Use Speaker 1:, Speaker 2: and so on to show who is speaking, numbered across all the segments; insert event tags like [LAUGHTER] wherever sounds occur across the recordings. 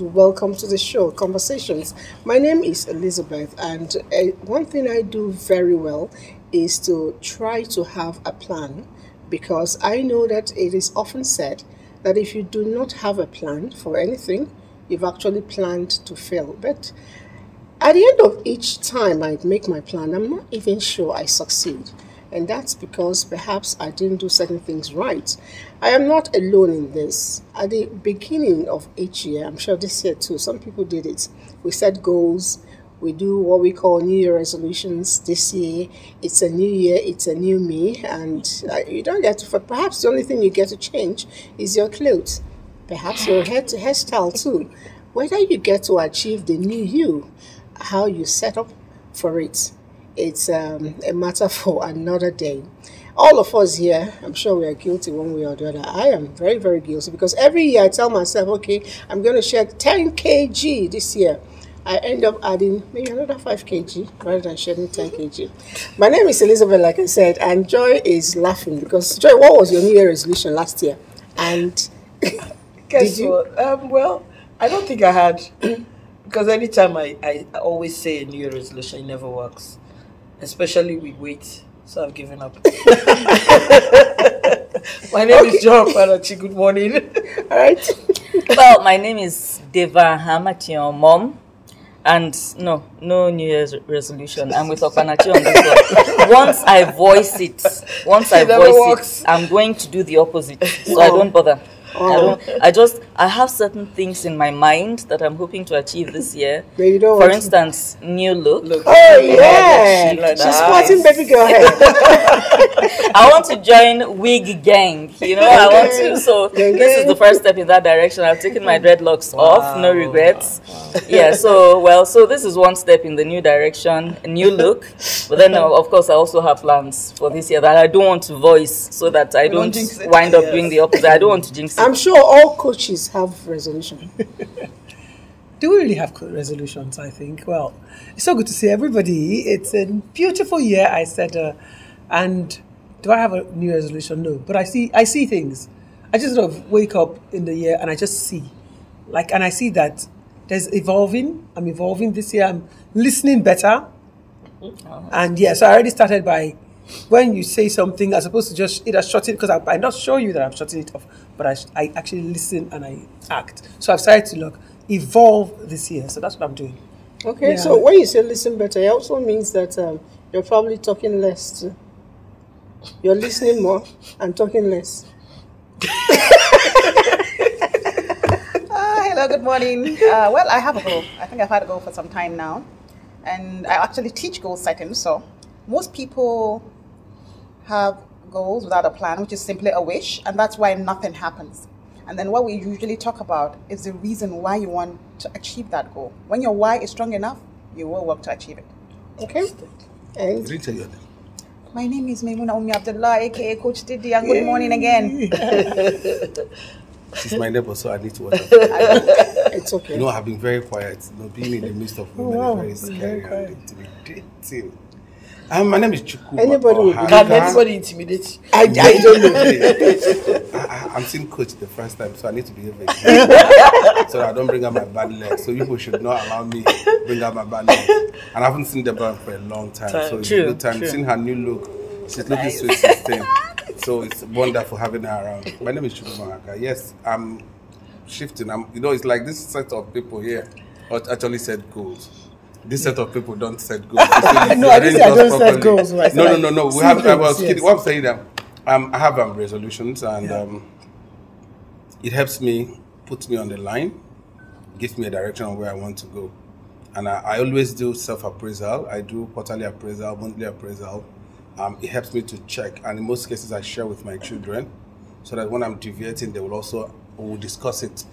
Speaker 1: and welcome to the show, Conversations. My name is Elizabeth, and uh, one thing I do very well is to try to have a plan because I know that it is often said that if you do not have a plan for anything, you've actually planned to fail. But at the end of each time I make my plan, I'm not even sure I succeed and that's because perhaps I didn't do certain things right. I am not alone in this. At the beginning of each year, I'm sure this year too, some people did it. We set goals, we do what we call New Year resolutions this year. It's a new year, it's a new me, and uh, you don't get to, perhaps the only thing you get to change is your clothes, perhaps your hair, hairstyle too. Whether you get to achieve the new you, how you set up for it it's um, a matter for another day. All of us here, I'm sure we are guilty one way or the other. I am very, very guilty because every year I tell myself, okay, I'm going to shed 10 kg this year. I end up adding maybe another 5 kg rather than shedding 10 kg. My name is Elizabeth, like I said, and Joy is laughing because, Joy, what was your New Year resolution last year? And [LAUGHS] did you?
Speaker 2: What? Um, well, I don't think I had, [CLEARS THROAT] because anytime I, I always say a New Year resolution, it never works especially with weight. So I've given up. [LAUGHS]
Speaker 3: my name okay. is John Parachi. Good morning. [LAUGHS] All right. well, my name is Deva Hamation, mom. And no, no New Year's resolution. I'm with Okpanachi on this one. [LAUGHS] Once I voice it, once it I voice works. it, I'm going to do the opposite. So I don't bother. Oh. I I just. I have certain things in my mind that I'm hoping to achieve this year. You For instance, new look. look. Oh yeah, she's sporting
Speaker 4: baby girl hair. [LAUGHS]
Speaker 3: I want to join wig gang. You know, I want to. So this is the first step in that direction. I've taken my dreadlocks wow. off, no regrets. Wow. Wow. Yeah. So well, so this is one step in the new direction, new look. But then, uh, of course, I also have plans for this year that I don't want to voice so that I don't, wind up doing the opposite. I don't want to jinx it. I'm sure
Speaker 4: all coaches have resolution. [LAUGHS] do we really have resolutions? I think. Well, it's so good to see everybody. It's a beautiful year. I said, uh, and do I have a new resolution? No, but I see. I see things. I just sort of wake up in the year and I just see, like, and I see that there's evolving. I'm evolving this year. I'm listening better. Oh, and yeah, so I already started by when you say something, i opposed to just either shut it because I, am not showing you that I'm shutting it off, but I, I actually listen and I act. So I've started to look evolve this year. So that's what I'm doing. Okay, yeah. so
Speaker 1: when you say listen better, it also means that um, you're probably talking less. You're listening more and talking less.
Speaker 5: Ah, hello, good morning. Uh, well, I have a goal. I think I've had a goal for some time now. And I actually teach goal setting. So most people have goals without a plan, which is simply a wish, and that's why nothing happens. And then what we usually talk about is the reason why you want to achieve that goal. When your why is strong enough, you will work to achieve it. Okay? And you your name. My name is Maimuna Umi Abdullah, aka Coach Diddy,
Speaker 4: and good morning again. [LAUGHS]
Speaker 6: She's my neighbor, so I need to watch [LAUGHS] out.
Speaker 4: it's
Speaker 6: okay. You know, I've been very quiet. You know, being in the midst of women oh, wow. is
Speaker 4: very scary very be
Speaker 6: intimidating. Um, my name is Chuku. Anybody will be Can anybody intimidate you? I, I [LAUGHS] don't know. I, [LAUGHS] I'm seeing coach the first time, so I need to behave very [LAUGHS] so I don't bring out my bad leg. So people should not allow me bring out my bad leg. And I haven't seen Deborah for a long time, time. so it's true, a good time. True. Seeing her new look, she's looking nice. sweet, sustain. So it's wonderful having her around. My name is Chuku Mahaka. Yes, I'm shifting. I'm, you know, it's like this set of people here actually set goals this set of people don't set goals. [LAUGHS] no, I didn't say I don't properly. set goals. Right? No, no, no, no. We have. I was yes. kidding. What I'm saying that um, I have um, resolutions, and yeah. um, it helps me put me on the line, gives me a direction on where I want to go, and I, I always do self appraisal. I do quarterly appraisal, monthly appraisal. Um, it helps me to check, and in most cases, I share with my children, so that when I'm deviating, they will also will discuss it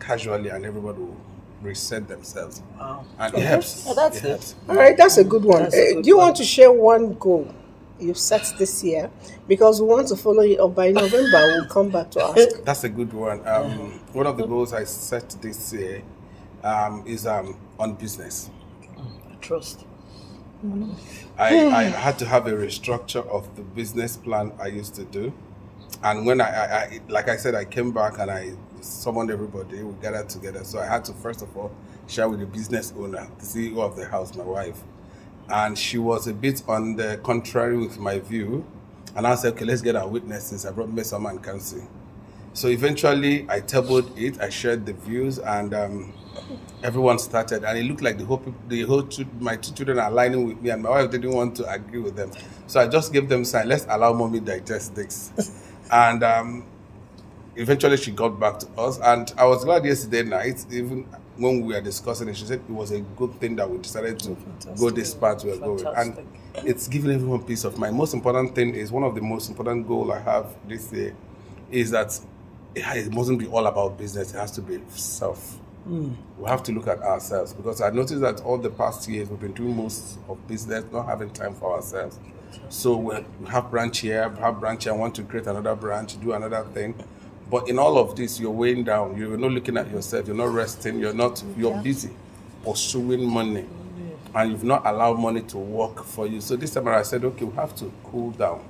Speaker 6: casually, and everybody will reset themselves. Wow. And okay. it helps. Oh, that's it, Helps.
Speaker 1: All right, that's a good one. Eh, a good uh, do you one. want to share one goal you set this year? Because we want to follow it up by November. we'll come back to ask.
Speaker 6: [LAUGHS] That's a good one. Um, one of the mm. goals I set this year um, is um, on business. Mm, trust. I, I had to have a restructure of the business plan I used to do. And when I, I, I like I said, I came back and I summoned everybody, we gathered together. So I had to first of all share with the business owner, the CEO of the house, my wife. And she was a bit on the contrary with my view. And I said, okay, let's get our witnesses. I brought Mesama and Kansi. So eventually I tabled it, I shared the views, and um, everyone started. And it looked like the whole, the whole two, my two children are aligning with me, and my wife didn't want to agree with them. So I just gave them sign, let's allow mommy digest this. [LAUGHS] and um, eventually she got back to us and i was glad yesterday night even when we were discussing it she said it was a good thing that we decided to Fantastic. go this path we're going and it's giving everyone peace of mind most important thing is one of the most important goal i have this year is that it mustn't be all about business it has to be self mm. we have to look at ourselves because i noticed that all the past years we've been doing most of business not having time for ourselves so we have branch here, we have branch here, want to create another branch, do another thing. But in all of this, you're weighing down. You're not looking at yourself. You're not resting. You're not. You're yeah. busy pursuing money, and you've not allowed money to work for you. So this time I said, okay, we have to cool down.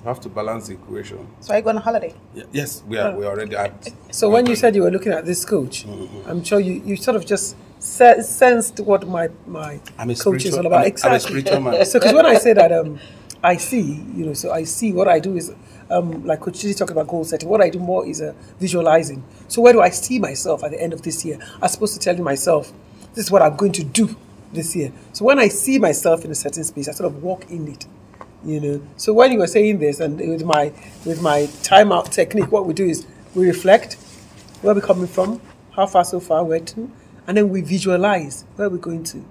Speaker 6: We have to balance the equation.
Speaker 4: So are you going on holiday?
Speaker 6: Yeah, yes, we are. Oh. We're already at.
Speaker 4: So when you said you were looking at this coach, mm-hmm. I'm sure you, you sort of just sensed what my my I'm coach is all about. I'm, exactly. I'm a spiritual man. [LAUGHS] so because when I say that um I see, you know, so I see what I do is, um, like Coach Chidi talked about goal setting, what I do more is uh, visualizing. So where do I see myself at the end of this year? I'm supposed to tell myself, this is what I'm going to do this year. So when I see myself in a certain space, I sort of walk in it, you know. So when you were saying this and with my, with my timeout technique, what we do is we reflect, where we're coming from, how far so far we're to, and then we visualize where we're going to,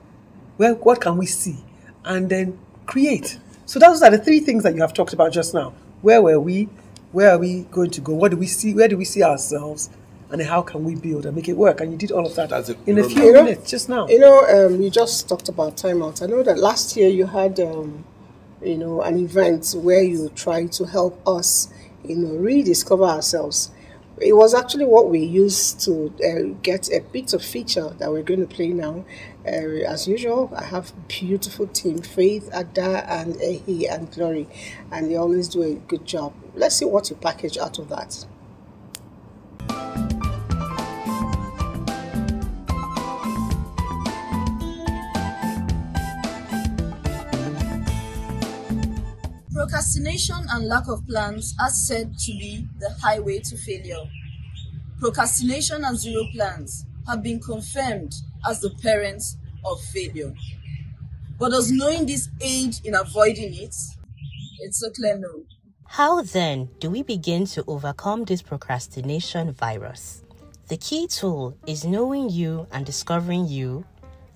Speaker 4: where, what can we see, and then create so those are the three things that you have talked about just now. Where were we? Where are we going to go? What do we see? Where do we see ourselves? And how can we build and make it work? And you did all
Speaker 6: of that a in a few know,
Speaker 4: minutes just now. You know, um, you just talked about timeouts. I know that last
Speaker 1: year you had, um, you know, an event where you tried to help us, you know, rediscover ourselves. It was actually what we used to uh, get a bit of feature that we're going to play now uh, as usual, I have beautiful team Faith, Ada, and Ehi, and Glory, and they always do a good job. Let's see what you package out of that.
Speaker 3: Procrastination and lack of plans are said to be the highway to failure. Procrastination and zero plans have been confirmed as the parents of failure. But does knowing this aid in avoiding it? It's a clear no.
Speaker 7: How then do we begin to overcome this procrastination virus? The key tool is knowing you and discovering you,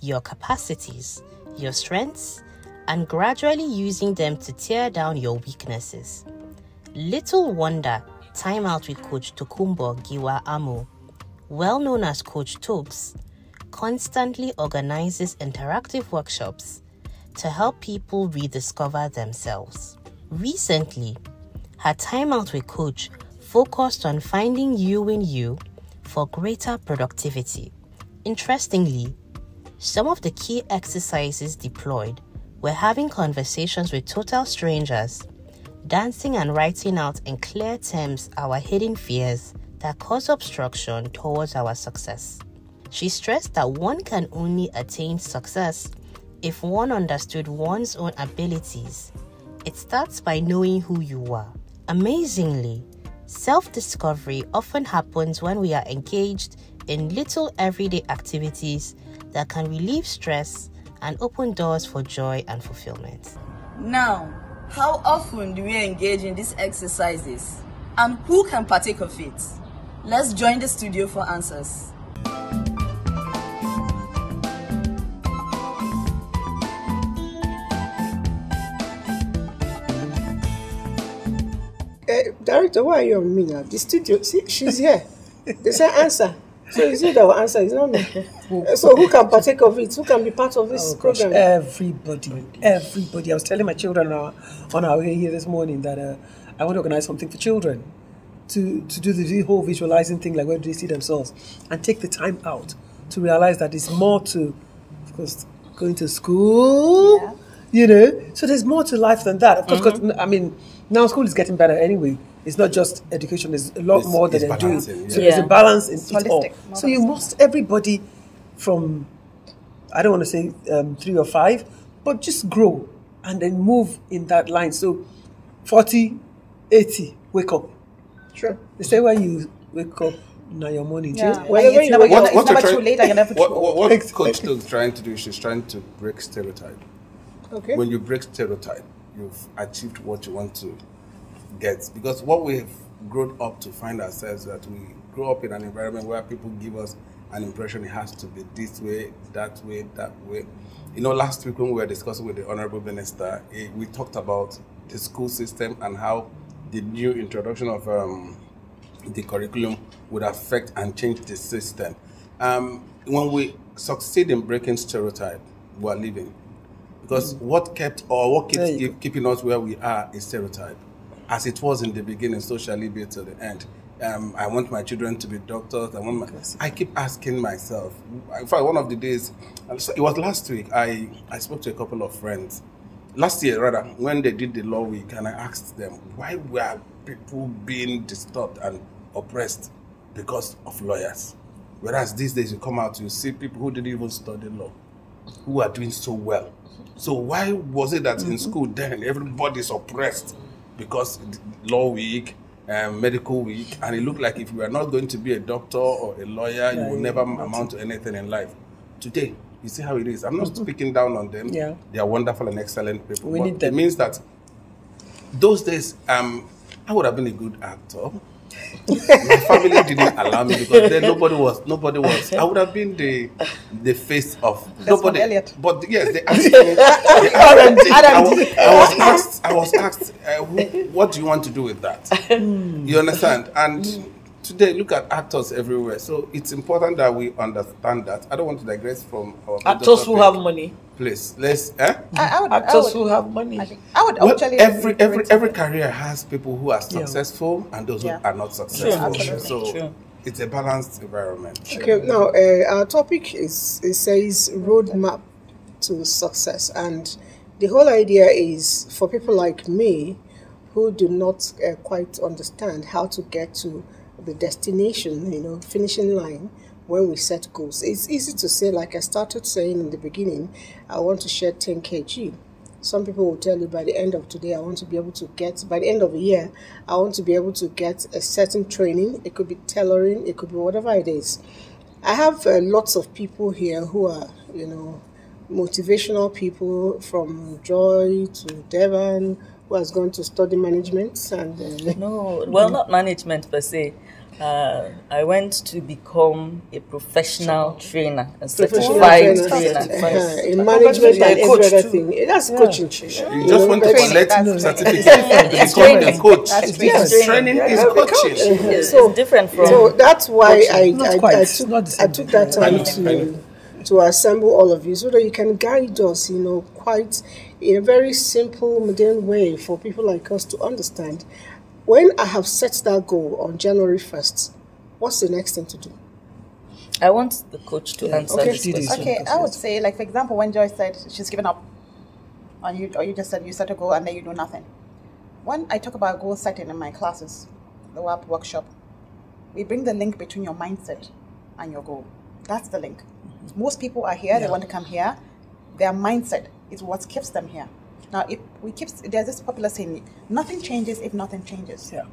Speaker 7: your capacities, your strengths, and gradually using them to tear down your weaknesses. Little wonder, Time Out with Coach Tokumbo Giwa Amu, well known as Coach Tobes, constantly organizes interactive workshops to help people rediscover themselves. Recently, her time out with Coach focused on finding you in you for greater productivity. Interestingly, some of the key exercises deployed were having conversations with total strangers, dancing and writing out in clear terms our hidden fears that cause obstruction towards our success. She stressed that one can only attain success if one understood one's own abilities. It starts by knowing who you are. Amazingly, self discovery often happens when we are engaged in little everyday activities that can relieve stress and open doors for joy and fulfillment.
Speaker 3: Now, how often do we engage in these exercises and who can partake of it? Let's join the studio for answers.
Speaker 1: Director, why are you on me now? The studio, see, she's here. They say answer. So is it our answer? It's not me. Oh, so who can partake of it? Who can be part of this oh, program? Gosh,
Speaker 4: everybody, everybody. I was telling my children uh, on our way here this morning that uh, I want to organize something for children to, to do the whole visualizing thing, like where do they see themselves, and take the time out to realize that it's more to, of course, going to school, yeah. you know. So there's more to life than that. Of course, mm -hmm. I mean now school is getting better anyway. It's not just education. There's a lot it's, more than they're doing. So yeah. there's a balance in it's it all. So you must everybody from I don't want to say um, three or five, but just grow and then move in that line. So 40, 80, wake up. Sure. They say when you wake up now your morning. Yeah. you never, what, it's what never try, too late never What,
Speaker 6: what, what [LAUGHS] Coach is trying to do is she's trying to break stereotype. Okay. When you break stereotype, you've achieved what you want to get. Because what we've grown up to find ourselves that we grow up in an environment where people give us an impression it has to be this way, that way, that way. You know, last week when we were discussing with the Honorable Minister, eh, we talked about the school system and how the new introduction of um, the curriculum would affect and change the system. Um, when we succeed in breaking stereotype, we are living because mm. what kept or what keeps keep, keeping us where we are is stereotype, as it was in the beginning, socially, shall it be the end. Um, I want my children to be doctors. I want. My, I keep asking myself. In fact, one of the days, it was last week. I I spoke to a couple of friends, last year rather, when they did the law week, and I asked them why were people being disturbed and oppressed because of lawyers, whereas these days you come out, you see people who didn't even study law, who are doing so well so why was it that mm-hmm. in school then everybody's oppressed because law week, um, medical week, and it looked like if you are not going to be a doctor or a lawyer, yeah, you will never amount to anything in life. Today, you see how it is. I'm not mm-hmm. speaking down on them. Yeah. They are wonderful and excellent people. We need them. It means that those days, um, I would have been a good actor my family didn't allow me because then nobody was nobody was I would have been the the face of That's nobody Elliot. but yes they asked me they [LAUGHS] asked I, was, I was asked I was asked uh, who, what do you want to do with that hmm. you understand and today look at actors everywhere so it's important that we understand that I don't want to digress from our actors who have money place. Let's eh? I, I would, actors would, who have money. I, think,
Speaker 2: I would well, actually every every
Speaker 6: every career has people who are successful yeah. and those yeah. who are not successful. True, so True. it's a balanced environment. Okay, okay. now
Speaker 1: uh, our topic is it says roadmap to success, and the whole idea is for people like me who do not uh, quite understand how to get to the destination, you know, finishing line when we set goals. It's easy to say, like I started saying in the beginning, I want to shed 10 kg. Some people will tell you by the end of today, I want to be able to get, by the end of the year, I want to be able to get a certain training. It could be tailoring, it could be whatever it is. I have uh, lots of people here who are, you know, motivational people from Joy to Devon who has gone to study management and uh, no [LAUGHS] well not
Speaker 3: management per se uh, I went to become a professional trainer, a certified trainer, in management and
Speaker 1: everything. Too. That's yeah.
Speaker 4: coaching You, just want to collect certificate from becoming a coach. That's yes, training, training is coaching. coaching.
Speaker 1: so it's different from. So that's why I, I, I, took I took that time to to assemble all of you so that you can guide us, you know, quite in a very simple, modern way for people like us to understand when I have set that goal on January 1st, what's the next thing to do? I want the
Speaker 3: coach to yeah. answer okay. this question. Okay, I would
Speaker 5: say, like, for example, when Joy said she's given up, you, or you just said you set a goal and then you do nothing. When I talk about goal setting in my classes, the WAP workshop, we bring the link between your mindset and your goal. That's the link. Mm-hmm. Most people are here, yeah. they want to come here. Their mindset is what keeps them here. Now, if we keep there's this popular saying, nothing changes if nothing changes. Yeah.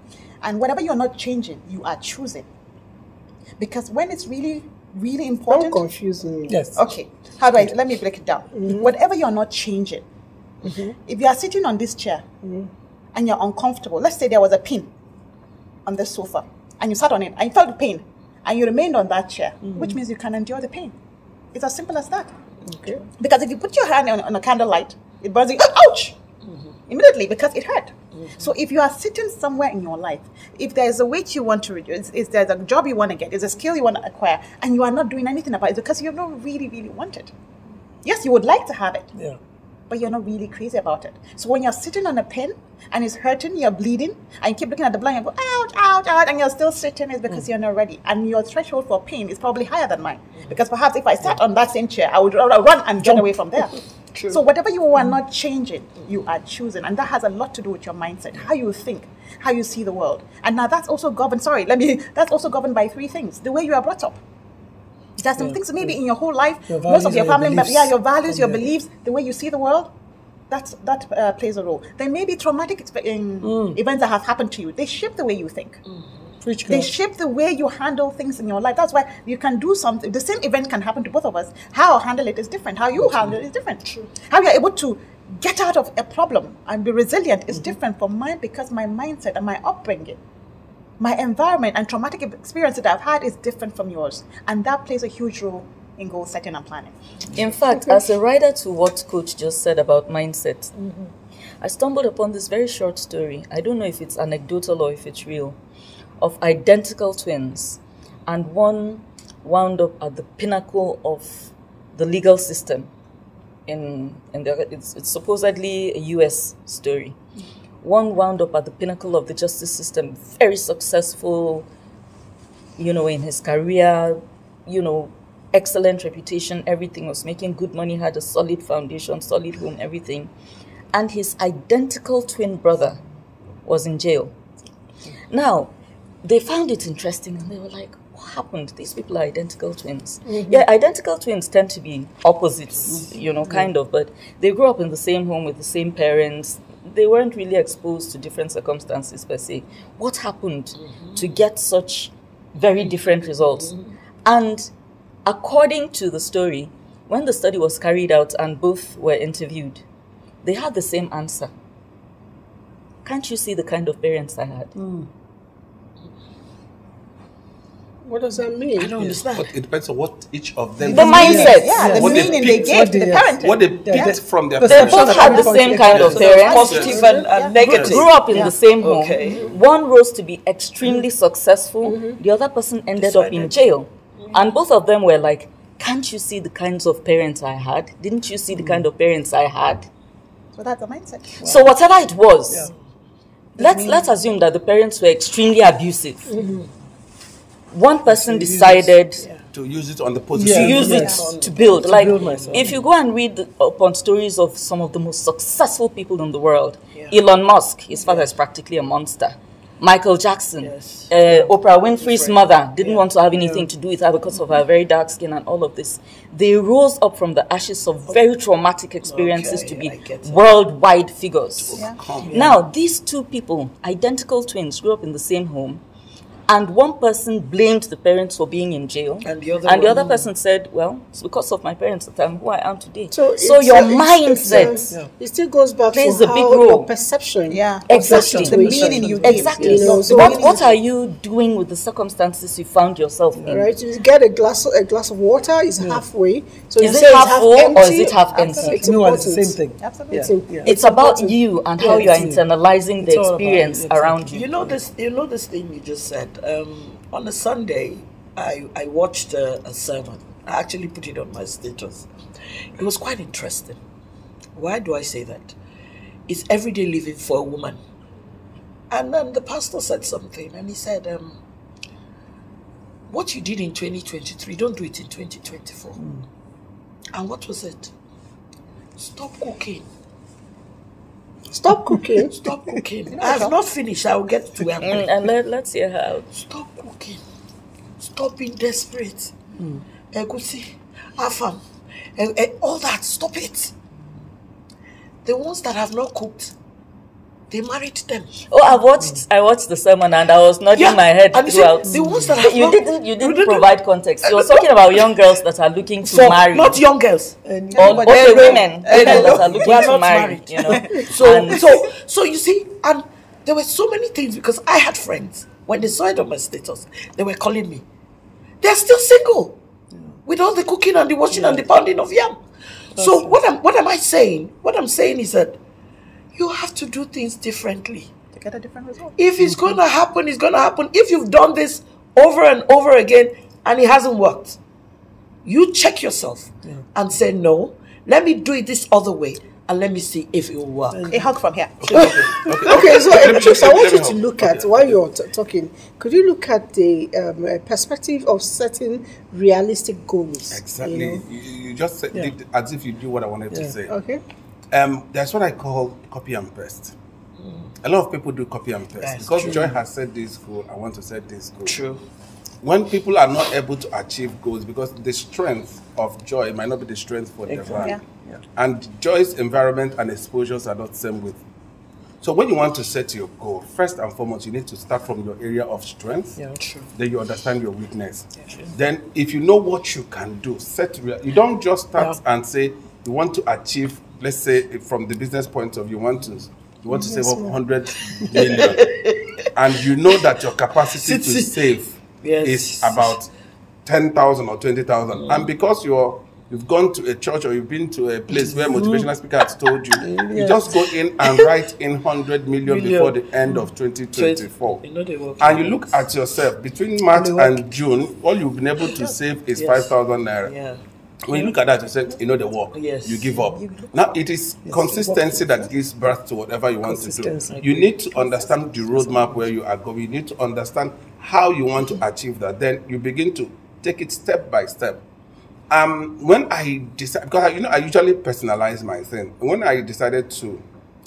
Speaker 5: And whatever you're not changing, you are choosing. Because when it's really really important. Don't confuse me. Yes. Okay. How do I? Let me break it down. Mm-hmm. Whatever you're not changing, mm-hmm. if you are sitting on this chair mm-hmm. and you're uncomfortable, let's say there was a pin on the sofa and you sat on it and you felt the pain and you remained on that chair, mm-hmm. which means you can endure the pain. It's as simple as that. Okay. Because if you put your hand on, on a candlelight it burns you. ouch! Mm-hmm. Immediately because it hurt. Mm-hmm. So if you are sitting somewhere in your life, if there's a weight you want to reduce, if there's a job you want to get, is a skill you want to acquire, and you are not doing anything about it because you don't really, really want it. Yes, you would like to have it. Yeah but you're not really crazy about it. So when you're sitting on a pin and it's hurting, you're bleeding, and you keep looking at the blood and go, ouch, ouch, ouch, and you're still sitting, it's because mm. you're not ready. And your threshold for pain is probably higher than mine. Mm. Because perhaps if I sat on that same chair, I would run and Jump. away from there. [LAUGHS] True. So whatever you are not changing, you are choosing. And that has a lot to do with your mindset, how you think, how you see the world. And now that's also governed, sorry, let me, [LAUGHS] that's also governed by three things. The way you are brought up. There are some yeah, things maybe yeah. in your whole life, your most of your family, your beliefs, yeah, your values, your beliefs, the way you see the world, that's, that uh, plays a role. There may be traumatic mm. events that have happened to you. They shape the way you think. Mm they shape the way you handle things in your life. That's why you can do something. The same event can happen to both of us. How I handle it is different. How you handle it is different. True. How you're able to get out of a problem and be resilient is mm-hmm. different from mine because my mindset and my upbringing, my environment and traumatic experience that I've had is different from yours. And that plays a huge role
Speaker 3: in goal setting and planning. In fact, as a writer to what Coach just said about mindset, mm-hmm. I stumbled upon this very short story. I don't know if it's anecdotal or if it's real of identical twins, and one wound up at the pinnacle of the legal system. In, in the, it's, it's supposedly a US story. One wound up at the pinnacle of the justice system, very successful, you know, in his career, you know, excellent reputation, everything was making good money, had a solid foundation, solid home, everything. And his identical twin brother was in jail. Now, they found it interesting and they were like, what happened? These people are identical twins. Mm-hmm. Yeah, identical twins tend to be opposites, you know, kind yeah. of, but they grew up in the same home with the same parents. They weren't really exposed to different circumstances per se. What happened mm-hmm. to get such very different results? Mm-hmm. And according to the story, when the study was carried out and both were interviewed, they had the same answer. Can't you see the kind of parents I had?
Speaker 4: Mm.
Speaker 6: What does that mean? I don't yes. understand. But it depends on what each of them. The mindset, yeah, the meaning they, picked, they gave, the, the parenting, what they picked yeah. from their. They both had the same kind of parents, positive and, and negative. Grew up in the same home.
Speaker 3: One rose to be extremely mm-hmm. successful. Mm-hmm. The other person ended up in jail, mm-hmm. and both of them were like, "Can't you see the kinds of parents I had? Didn't you see the kind of parents I had?"
Speaker 5: So that's the mindset. So
Speaker 3: whatever it was, let's let's assume that the parents were extremely
Speaker 6: abusive
Speaker 3: one person decided
Speaker 6: to use it on the positive. Yeah, to use it to build. To like, build if
Speaker 3: you go and read upon stories of some of the most successful people in the world, yeah. Elon Musk, his father is practically a monster. Michael Jackson, yes. uh, Oprah Winfrey's right. mother didn't yeah. want to have anything to do with her because of her very dark skin and all of this. They rose up from the ashes of very traumatic experiences okay, to be worldwide figures. Now, these two people, identical twins, grew up in the same home and one person blamed the parents for being in jail, and the other, and the other person said, "Well, it's because of my parents that I'm who I am today." So, so your a, mindset it's
Speaker 1: it still goes back plays to a big role. Your
Speaker 3: perception,
Speaker 1: yeah, exactly. The meaning you give, exactly. You know, so what, what
Speaker 3: are you doing with the circumstances you found yourself in? Right, you get a glass a glass of water is yeah. halfway. So is it half full or is it half empty? It's no, important. it's the same thing. Absolutely, yeah. it's, yeah. it's, it's about you and how you are internalizing the experience around you.
Speaker 2: You know this. You know this thing you just said um, on a Sunday, I, I watched a, a sermon. I actually put it on my status. It was quite interesting. Why do I say that? It's everyday living for a woman. And then the pastor said something, and he said, um, What you did in 2023, don't do it in 2024. Mm. And what was it? Stop cooking Stop cooking. Stop cooking. I [LAUGHS] have not finished. I will get to where mm, And let, let's hear her Stop cooking. Stop being desperate. Mm. Egusi, Afam, and eh, eh, all that. Stop it. The ones that have not cooked, they married them.
Speaker 3: Oh, I watched. Mm. I watched the sermon and I was nodding yeah, my head and throughout. See, the ones that [LAUGHS] you, didn't, you didn't. You didn't provide context. You were talking about young girls that are looking to so, marry. Not young girls. Uh, no, or okay, women, women that are looking to marry. Married. You
Speaker 2: know. [LAUGHS] so and, so so you see, and there were so many things because I had friends when they saw it on my status, they were calling me. They are still single, with all the cooking and the washing yeah. and the pounding of yam. That's so true. what am what am I saying? What I'm saying is that you have to do things differently.
Speaker 5: To get a different result.
Speaker 2: If it's mm-hmm. going to happen, it's going to happen. If you've done this over and over again and it hasn't worked, you check yourself yeah. and say, no, let me do it this other way and let me see if it will work. A
Speaker 1: hug from here. okay, okay. okay, [LAUGHS] so uh, I want you to look at okay. while you're talking. Could you look at the um, perspective of setting realistic goals?
Speaker 6: Exactly. You, know? you, you just said, yeah. as if you do what I wanted yeah. to say. Okay. Um, that's what I call copy and paste. Mm. A lot of people do copy and paste that's because true. Joy has set this goal. I want to set this goal. True. When people are not able to achieve goals because the strength of Joy might not be the strength for exactly. Devon, yeah. yeah. and Joy's environment and exposures are not same with. So when you want to set your goal, first and foremost, you need to start from your area of strength. Yeah, true. Then you understand your weakness. Yeah, then, if you know what you can do, set. Real, you don't just start yeah. and say you want to achieve, let's say from the business point of view, you want to you want to save up 100 million and you know that your capacity [LAUGHS] to save yes. is about 10,000 or 20,000 mm. and because you're you've gone to a church or you've been to a place where mm-hmm. motivational speaker has told you, yes. you just go in and write in 100 million, million. before the end of 2024. You know and you look at yourself, between March and June, all you've been able to save is yes. 5,000 naira. Yeah when you look at that you said you know the work yes. you give up now it is yes. consistency that gives birth to whatever you want to do you need to understand the roadmap where you are going you need to understand how you want to achieve that then you begin to take it step by step um, when i decided, because I, you know i usually personalize my thing when i decided to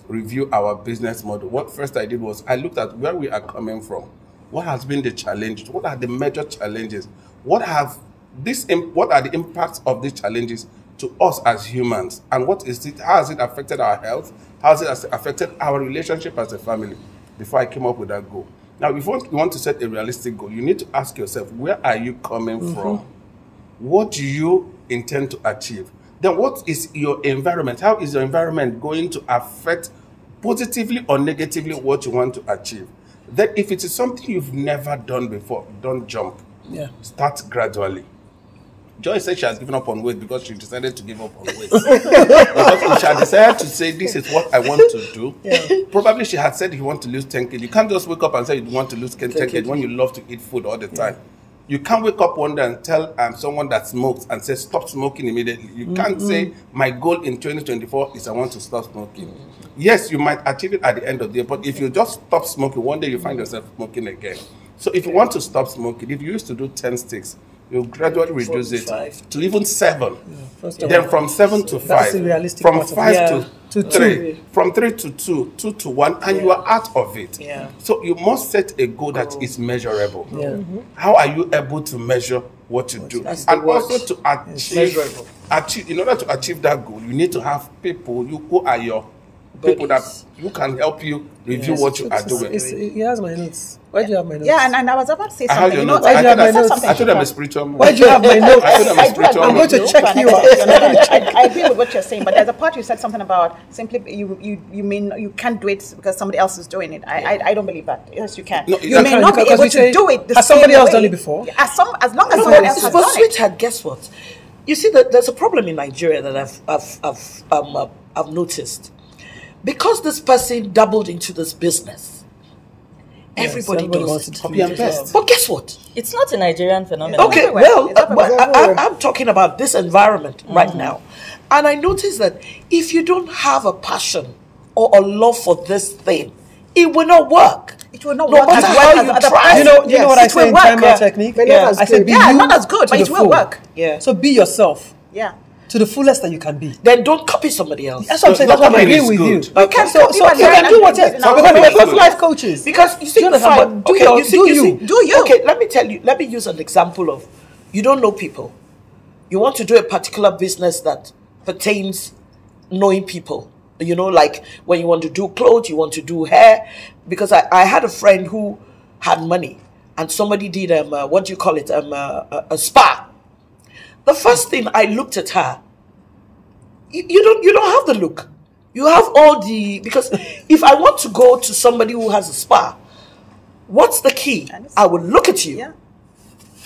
Speaker 6: review our business model what first i did was i looked at where we are coming from what has been the challenges what are the major challenges what have this what are the impacts of these challenges to us as humans and what is it how has it affected our health how has it affected our relationship as a family before i came up with that goal now if you want to set a realistic goal you need to ask yourself where are you coming mm-hmm. from what do you intend to achieve then what is your environment how is your environment going to affect positively or negatively what you want to achieve then if it is something you've never done before don't jump yeah. start gradually Joy said she has given up on weight because she decided to give up on weight. [LAUGHS] because she had decided to say, This is what I want to do, yeah. probably she had said, You want to lose 10 kg. You can't just wake up and say, You want to lose 10, kg when you love to eat food all the time. You can't wake up one day and tell um, someone that smokes and say, Stop smoking immediately. You mm-hmm. can't say, My goal in 2024 is I want to stop smoking. Yes, you might achieve it at the end of the day, but if you just stop smoking, one day you find yourself smoking again. So if you want to stop smoking, if you used to do 10 sticks, you gradually reduce it to even seven. Yeah, then all, from seven to five, from five yeah. to, three, from three to two, two to one, and yeah. you are out of it. So you must set a goal that is measurable. Mm-hmm. How are you able to measure what you do? and also to achieve, achieve, in order to achieve that goal, you need to have people you, who are your people that who can help you review yes, what you are doing. It's,
Speaker 4: he has my notes. Why do you have my notes? Yeah, and,
Speaker 5: and I was about to say something. I have your you notes. I, have my notes. I told him a spiritual man. Why do you
Speaker 6: have my notes? [LAUGHS] I told him a spiritual I'm going to check you [LAUGHS] out.
Speaker 5: I, I agree with what you're saying, but there's a part you said something about simply you you you mean you can't do it because somebody else is doing it. I I, I don't believe that. Yes, you can. No, you may not be able to do it. Has somebody else done it before? As some as long as someone else has done it. sweetheart, guess what?
Speaker 2: You see, there's a problem in Nigeria that I've I've I've, um, uh, I've noticed because this person doubled into this business, everybody yeah, does it. Copy and paste. But guess what?
Speaker 3: It's not a Nigerian phenomenon. Okay,
Speaker 2: well, uh, I, am talking about this environment mm -hmm. right now. And I notice that if you don't have a passion or a love for this thing, it will not work.
Speaker 5: It will not no work as well as you other try.
Speaker 2: You know, you yes, know what I say in work, yeah. technique? Yeah. I yeah, not as good, but it will work. Yeah. So be
Speaker 4: yourself. Yeah to the fullest that you can be. Then don't copy somebody else. That's what I'm saying. That's what I agree with good. you. Okay. So, so, so you can do whatever. Because we're both life coaches. Because you see, you fine, do, okay, your, you see, do
Speaker 2: you. you see, do you. Okay, let me tell you. Let me use an example of, you don't know people. You want to do a particular business that pertains knowing people. You know, like when you want to do clothes, you want to do hair. Because I, I had a friend who had money and somebody did, um, uh, what do you call it, um, uh, a, a spa the first thing I looked at her, you, don't you don't have the look. You have all the because [LAUGHS] if I want to go to somebody who has a spa, what's the key? I, would look at you. Yeah.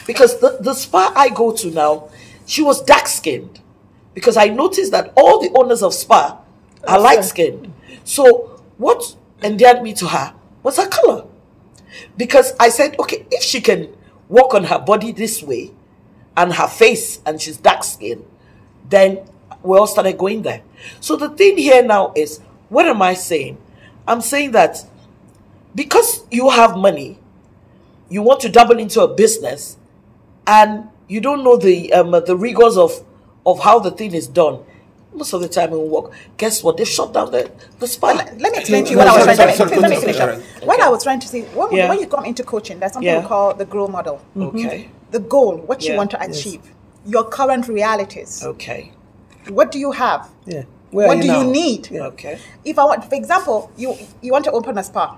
Speaker 2: Because the, the spa I go to now, she was dark skinned. Because I noticed that all the owners of spa are light skinned. So what endeared me to her was her color. Because I said, okay, if she can walk on her body this way, and her face, and she's dark skinned, then we all started going there. So the thing here now is, what am I saying? I'm saying that because you have money, you want to double into a business, and you don't know the um, the rigors of of how the thing is done. Most of the time in work, guess what? They shut down the
Speaker 5: the spa. Let, me explain to you what I was trying to sorry, let me finish up. When I was trying to say, when, yeah. when you come into coaching, there's something yeah. the grow model. Okay. Mm -hmm the goal, what yeah, you want to achieve, yes. your current realities. Okay. What do you have?
Speaker 2: Yeah. Where what you do now? you need? Yeah. Okay.
Speaker 5: If I want, for example, you you want to open a spa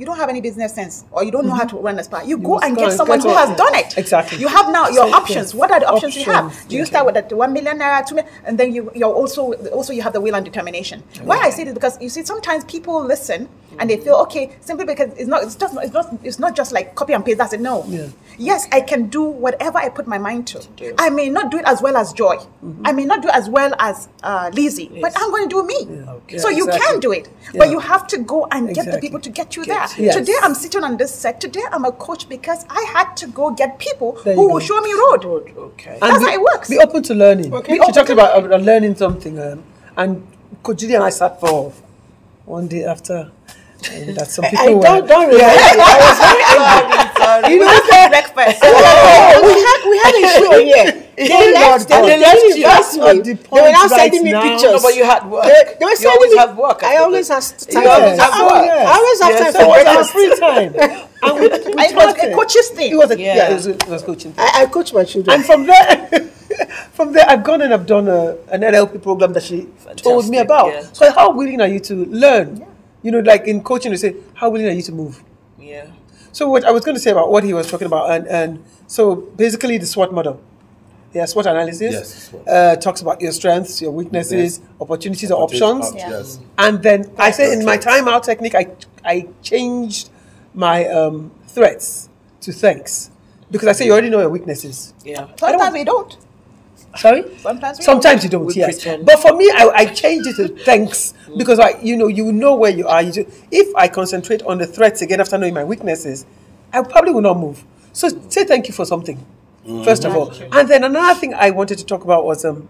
Speaker 5: you don't have any business sense or you don't know mm-hmm. how to run a spa, you, you go and get someone who has done it. Exactly. You have now your so options. What are the options, options you have? Do you start with that one million naira, two million, and then you you're also also you have the will and determination. Why I say this because you see sometimes people listen and they feel okay simply because it's not it's just it's not it's not just like copy and paste. That's it. No. Yeah. Yes, I can do whatever I put my mind to. Yeah. I may not do it as well as Joy. Mm-hmm. I may not do as well as uh, Lizzie, yes. but I'm going to do me. Okay. So you exactly. can do it, but you have to go and exactly. get the people to get you get there. Yes. Today I'm sitting on this set. Today I'm a coach because I had to go get people who will show me road. road
Speaker 4: okay. And That's be, how it works. Be open to learning. Okay. Be you talked about uh, learning something, um, and Kojidi and I sat for one day after that some people I, I were, don't, don't remember. I was very
Speaker 5: [LAUGHS] angry. You know, we breakfast. [LAUGHS] oh, we had we had a show here. They, left. They, they left you. The they were now right sending me now. pictures. No, but you had work. They, they were you always me, have oh, work.
Speaker 1: I always have
Speaker 4: time. You always have work. I always have time. So it was free time. [LAUGHS]
Speaker 1: And we, we it was a
Speaker 4: coach's thing. It was a yeah. yeah it, was, it was coaching. Thing. I, I coach my children. And from there, from there, I've gone and I've done a, an NLP program that she Fantastic. told me about. Yeah. So how willing are you to learn? Yeah. You know, like in coaching, they say, how willing are you to move? Yeah. So what I was going to say about what he was talking about, and, and so basically the SWOT model. Yeah, SWOT analysis yes, SWOT. Uh, talks about your strengths, your weaknesses, opportunities, or options. Yeah. And then I say in my timeout technique, I, I changed my um, threats to thanks because I say you already know your weaknesses. Yeah. Sometimes we don't. Sorry?
Speaker 5: Sometimes Sometimes you don't, yes.
Speaker 4: Pretend. But for me, I, I change it to thanks mm. because, I, you know, you know where you are. You if I concentrate on the threats again after knowing my weaknesses, I probably will not move. So say thank you for something, mm. first of all. And then another thing I wanted to talk about was um,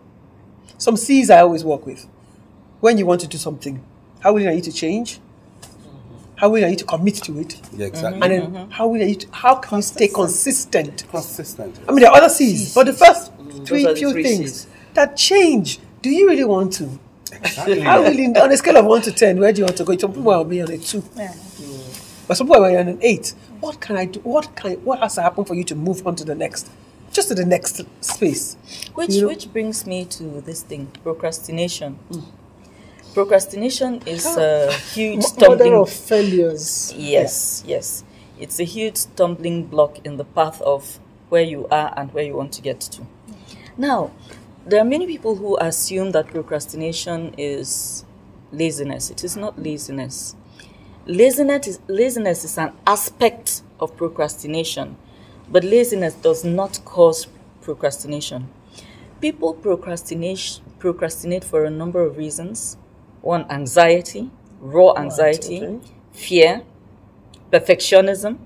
Speaker 4: some C's I always work with. When you want to do something, how willing are you to change? How willing are you to commit to it?
Speaker 6: Yeah, exactly. And then
Speaker 4: mm-hmm. how will you how can you stay consistent? Consistent. Yes. I mean, there are other C's, but the first three few three things C's. that change. Do you really want to? Exactly. I really, on a scale of one to ten, where do you want to go? Some people will be on a two, yeah. but some people are on an eight. What can I do? What can? I, what has to happen for you to move on to the next? Just to the next space.
Speaker 3: Which you know? which brings me to this thing: procrastination. Mm. Procrastination is a [LAUGHS] huge stumbling of failures. Yes, yeah. yes, it's a huge stumbling block in the path of where you are and where you want to get to. Now, there are many people who assume that procrastination is laziness. It is not laziness. Laziness is, laziness is an aspect of procrastination, but laziness does not cause procrastination. People procrastinate, procrastinate for a number of reasons. One, anxiety, raw anxiety, fear, perfectionism,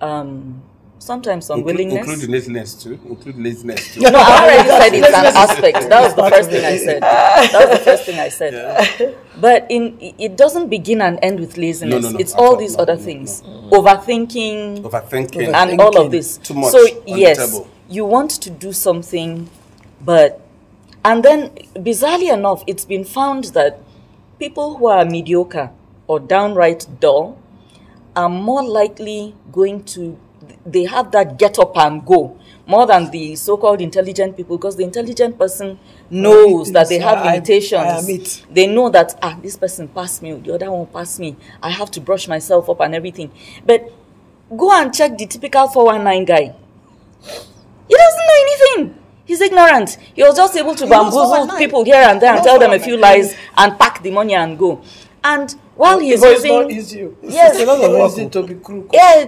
Speaker 3: um, Sometimes unwillingness, include,
Speaker 6: willingness. Include laziness too. Include laziness too. no,
Speaker 3: I already said it's an aspect. That was the first thing I said. That was the first thing I said. Yeah. But in it doesn't begin and end with laziness. No, no, no, it's all these other things. Overthinking, overthinking. And all of this. Too much so yes, you want to do something, but and then bizarrely enough, it's been found that people who are mediocre or downright dull are more likely going to they have that get up and go more than the so-called intelligent people because the intelligent person knows that they have limitations. They know that ah, this person passed me, the other one passed me. I have to brush myself up and everything. But go and check the typical 419 guy. He doesn't know anything. He's ignorant. He was just able to he bamboozle people here and there and tell them a few lies and pack the money and go. And while he's using, not
Speaker 1: easy. It's yes, a lot of reason
Speaker 3: to be Yeah,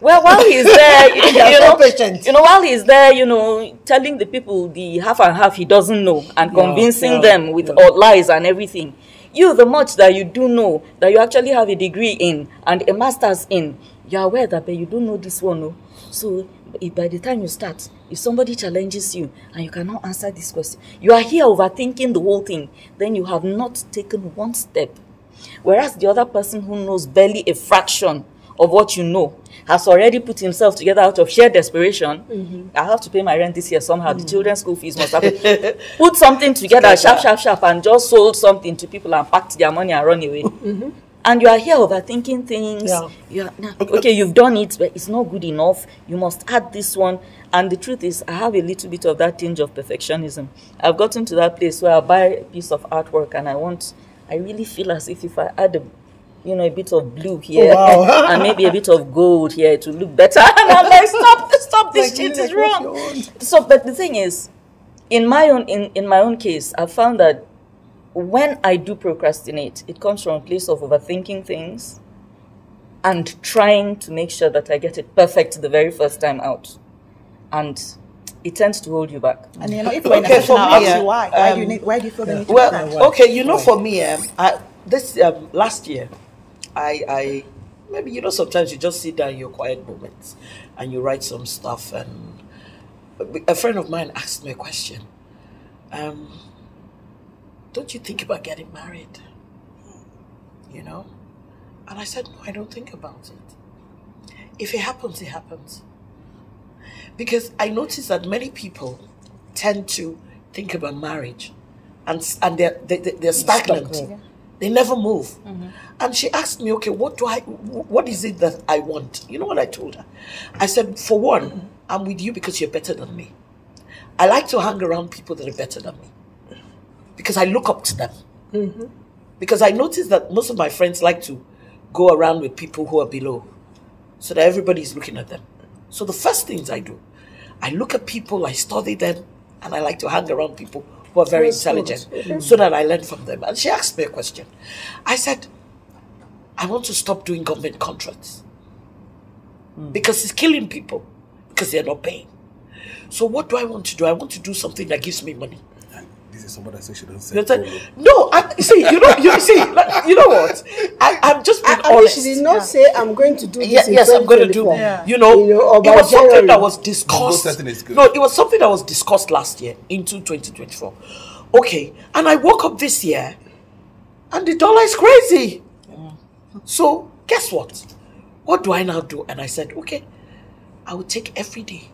Speaker 3: well, while he's there, [LAUGHS] you, know, you know, while he's there, you know, telling the people the half and half he doesn't know and yeah, convincing yeah, them with yeah. lies and everything. You, the much that you do know, that you actually have a degree in and a master's in, you're aware that, but you don't know this one. No? Oh. So if by the time you start, if somebody challenges you and you cannot answer this question, you are here overthinking the whole thing, then you have not taken one step. Whereas the other person who knows barely a fraction of what you know has already put himself together out of sheer desperation. Mm-hmm. I have to pay my rent this year somehow. Mm-hmm. The children's school fees must have [LAUGHS] put something together, sharp, sharp, sharp, and just sold something to people and packed their money and run away. Mm-hmm. And you are here overthinking things. Yeah. You are, nah, okay, you've done it, but it's not good enough. You must add this one. And the truth is, I have a little bit of that tinge of perfectionism. I've gotten to that place where I buy a piece of artwork and I want, I really feel as if if I add a you know, a bit of blue here oh, wow. [LAUGHS] and maybe a bit of gold here to look better. [LAUGHS] And I'm like, stop, stop, this like, shit is like, wrong. So, but the thing is, in my own in, in my own case, I found that when I do procrastinate, it comes from a place of overthinking things and trying to make sure that I get it perfect the very first time out. And it tends to hold you back. And [LAUGHS] you know, if you're okay, for me, why? Um, why do you um, need? Why do you feel the need? Well, okay,
Speaker 2: you know, for me, um, I, this um, last year, I, I maybe you know sometimes you just sit down in your quiet moments and you write some stuff and a friend of mine asked me a question um, don't you think about getting married you know and i said no i don't think about it if it happens it happens because i notice that many people tend to think about marriage and and they're they, are they are stagnant yeah. They never move. Mm-hmm. And she asked me, okay, what do I, what is it that I want? You know what I told her? I said, for one, I'm with you because you're better than me. I like to hang around people that are better than me because I look up to them. Mm-hmm. Because I notice that most of my friends like to go around with people who are below so that everybody is looking at them. So the first things I do, I look at people, I study them, and I like to hang around people were very intelligent, mm-hmm. so that I learned from them. And she asked me a question. I said, I want to stop doing government contracts mm. because it's killing people because they're not paying. So what do I want to do? I want to do something that gives me money this is somebody that says she doesn't say. Like, no, I see. You know, you see, like, you know what? I, I'm just being I, honest. She
Speaker 1: did not yeah. say I'm going to do this. Yeah, yes, I'm
Speaker 2: going to do. Yeah. You know, you know it was January. something that was discussed. No, it was something that was discussed last year into 2024. Okay, and I woke up this year, and the dollar is crazy. Yeah. So guess what? What do I now do? And I said, okay, I will take every day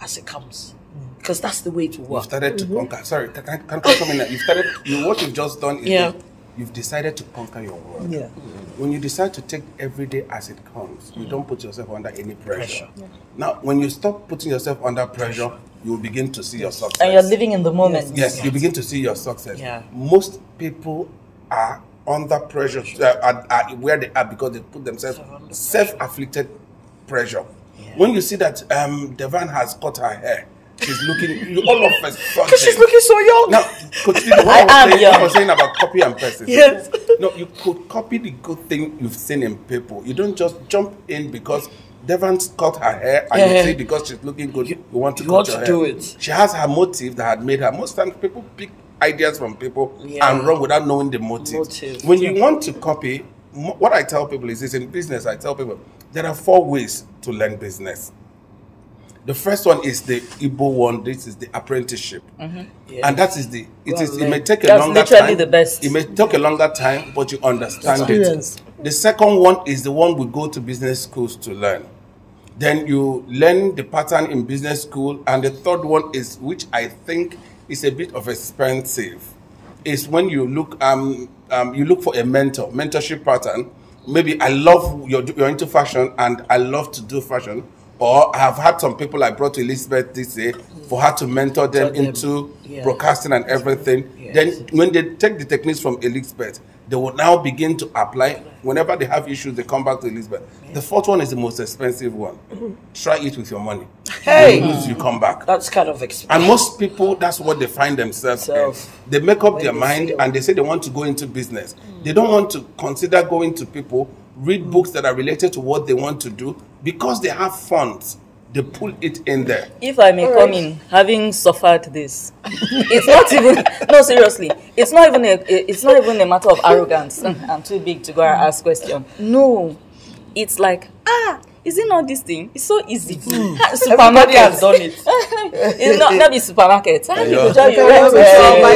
Speaker 2: as it comes
Speaker 6: because that's the way to work. You have started to mm-hmm. conquer. Sorry, can, can, can I come in? You started. You, what you've just done is yeah. you've decided to conquer your world. Yeah. Mm-hmm. When you decide to take every day as it comes, mm-hmm. you don't put yourself under any pressure. pressure. Yeah. Now, when you stop putting yourself under pressure, pressure, you will begin to see your success.
Speaker 3: And you're living in the moment. Yes, yes, yes. you
Speaker 6: begin to see your success. Yeah. Most people are under pressure, pressure. Uh, are, are where they are because they put themselves self-afflicted pressure. Yeah. When you see that um, Devan has cut her hair, She's looking, all of us. Because she's looking so young. Now, continue [LAUGHS] what I, I was, saying, young. saying about copy and paste. Yes. No, you could copy the good thing you've seen in people. You don't just jump in because Devon's cut her hair and you see because she's looking good, you, you want to you cut to hair. do it. She has her motive that had made her. Most times people pick ideas from people yeah. and run without knowing the motive. motive. When you want to copy, what I tell people is this in business, I tell people there are four ways to learn business. The first one is the Igbo one. This is the apprenticeship, mm-hmm. yeah. and that is the. It well, is. It may take a longer time. the best. It may take a longer time, but you understand it. The second one is the one we go to business schools to learn. Then you learn the pattern in business school, and the third one is which I think is a bit of expensive. Is when you look um, um you look for a mentor mentorship pattern. Maybe I love you're, you're into fashion, and I love to do fashion or I have had some people I brought to Elizabeth this day for her to mentor them them, into broadcasting and everything. Yes. Then when they take the techniques from Elizabeth, they will now begin to apply. Whenever they have issues, they come back to Elizabeth. The fourth one is the most expensive one. [CLEARS THROAT] Try it with your money. Hey, you, lose, you come back. That's kind of expensive. And most people, that's what they find themselves. In. They make up their mind and they say they want to go into business. Mm. They don't want to consider going to people read books that are related to what they want to do because they have funds they pull it in there
Speaker 3: if i may All come right. in having suffered this [LAUGHS] it's not even no seriously it's not even a it's not even a matter of arrogance [LAUGHS] i'm too big to go and ask question no it's like ah is it not this thing it's so easy hmm. supermarket has done it it's not [LAUGHS] not be supermarket how you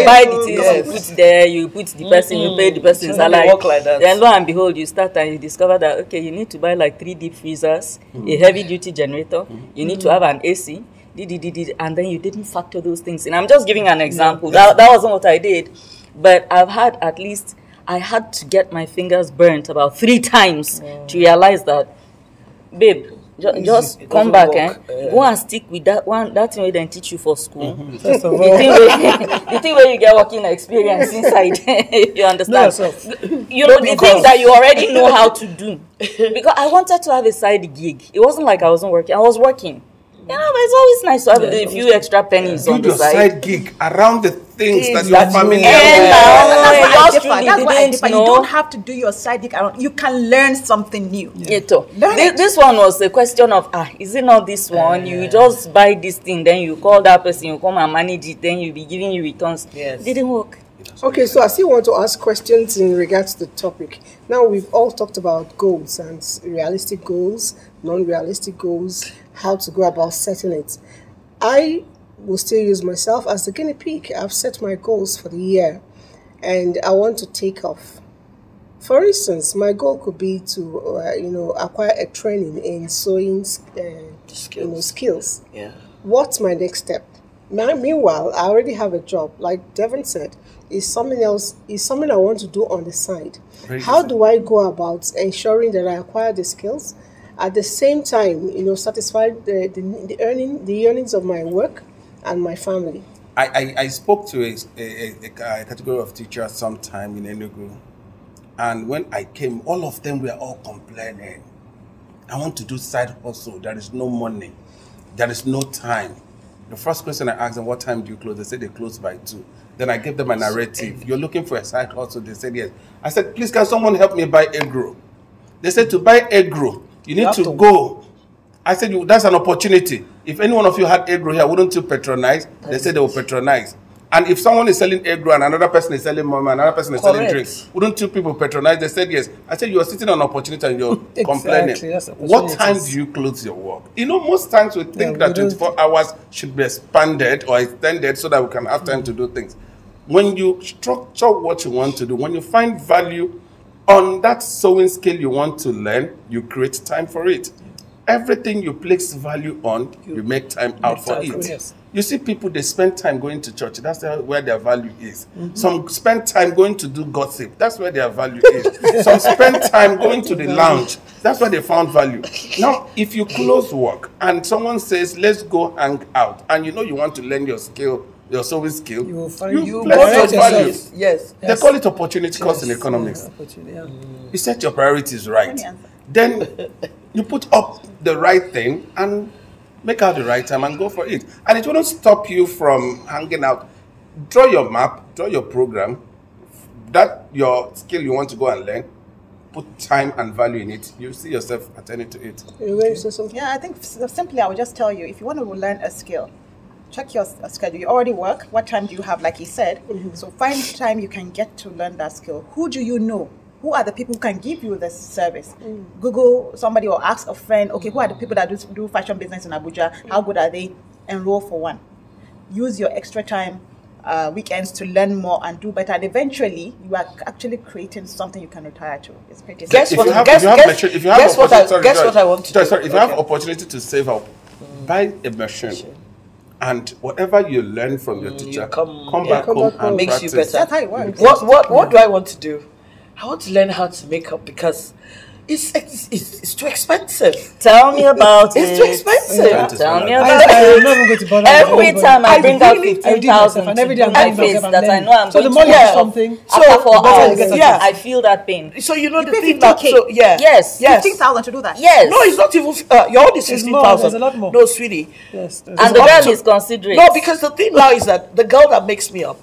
Speaker 3: buy the things you put there you put the person you pay the mm-hmm. person so salary like that. then lo and behold you start and you discover that okay you need to buy like three deep freezers a mm-hmm. heavy duty generator mm-hmm. you need to have an AC did, did, did, and then you didn't factor those things and I'm just giving an example yeah. that, that wasn't what I did but I've had at least I had to get my fingers burnt about three times yeah. to realize that babe
Speaker 7: just, come back eh? go
Speaker 3: and stick with that one that thing wey dem teach you for school mm-hmm. [LAUGHS] the thing wey [LAUGHS] the thing wey you get working experience inside [LAUGHS] you understand no, you know the things that you already know how to do because i wanted to have a side gig it wasn't like i wasn't working i was working you know, but it's always nice to have yeah, a few extra pennies yeah. on the side.
Speaker 6: side gig around the things that, that your family you has. Yeah. That's why That's why You don't
Speaker 5: have to do your side gig around. You can learn something new. Yeah.
Speaker 3: Learn this, this one was a question of, ah, is it not this one? Uh, you just buy this thing, then you call that person, you come and manage it, then you'll be giving you returns. Yes. It didn't
Speaker 1: work. Okay, so I still want to ask questions in regards to the topic. Now we've all talked about goals and realistic goals, non-realistic goals, how to go about setting it. I will still use myself as the guinea pig. I've set my goals for the year and I want to take off. For instance, my goal could be to, uh, you know, acquire a training in sewing uh, skills. You know, skills. Yeah. What's my next step? meanwhile, I already have a job. Like Devon said, is something else is something I want to do on the side. How do I go about ensuring that I acquire the skills? At the same time, you know, satisfy the, the, the earning the earnings of my work and my family.
Speaker 6: I, I, I spoke to a, a, a, category of teachers sometime in Enugu, and when I came, all of them were all complaining. I want to do side hustle. There is no money. There is no time. The first question I asked them, what time do you close? They said they close by 2. Then I gave them a narrative. You're looking for a side hustle. They said yes. I said, please, can someone help me buy agro? They said to buy agro, you need you to, to, go. I said, that's an opportunity. If any one of you had agro here, wouldn't you patronize? They said they will patronize. And if someone is selling egg and another person is selling mama, another person is Correct. selling drinks, wouldn't two people patronize? They said yes. I said you are sitting on opportunity and you're [LAUGHS] exactly. complaining. what time do you close your work? You know, most times we think yeah, that 24 don't... hours should be expanded or extended so that we can have time mm -hmm. to do things. When you structure what you want to do, when you find value on that sewing skill you want to learn, you create time for it everything you place value on, you, you make time out make for time it. Yes. You see, people they spend time going to church. That's where their value is. Mm-hmm. Some spend time going to do gossip. That's where their value is. Some spend time [LAUGHS] going to the lounge. That's where they found value. Now, if you close work and someone says, "Let's go hang out," and you know you want to learn your skill your sewing skill, you, will find, you, you place your value. Yes,
Speaker 2: yes, They call it
Speaker 6: opportunity yes. cost in economics. Yeah, yeah. You set your priorities right. Then [LAUGHS] you put up the right thing and make out the right time and go for it. And it wouldn't stop you from hanging out. Draw your map, draw your program, that your skill you want to go and learn, put time and value in it, you see yourself attending to it.
Speaker 5: Yeah, I think simply I would just tell you if you want to learn a skill, check your uh, schedule. You already work. What time do you have? Like he said, mm-hmm. so find time you can get to learn that skill. Who do you know who are the people who can give you this service? Mm. Google somebody or ask a friend, okay, who are the mm. people that do, do fashion business in Abuja? How good are they? Enroll for one. Use your extra time uh, weekends to learn more and do better. And eventually, you are actually creating something you can retire to. It's pretty. Guess if what? You
Speaker 6: have, guess, guess, if you have guess what? I, sorry, guess what I want to. Sorry, sorry if okay. you have opportunity to save up, mm. buy a machine. And whatever you learn from your mm, teacher, you come, come, yeah, back, come home back home and makes practice. you better. That's how it works. What, what, what do I
Speaker 2: want to do? I want to learn how to make up because it's, it's, it's, too expensive. Tell me
Speaker 4: about
Speaker 3: it's it. It's too expensive. Yeah. Tell me about I, it. I, I every time I, I bring out
Speaker 4: 15,000 and every day
Speaker 3: I face that I know I'm so going the money to something.
Speaker 7: So After four hours, yeah. yeah. I
Speaker 3: feel that pain. So you know you the thing that, so, yeah. Yes. yes. 15,000 to do that. Yes. No, it's
Speaker 2: not even, uh, are only fifteen thousand. There's a lot more. No, sweetie. Yes. And the girl is considering. No, because the thing now is that the girl that makes me up,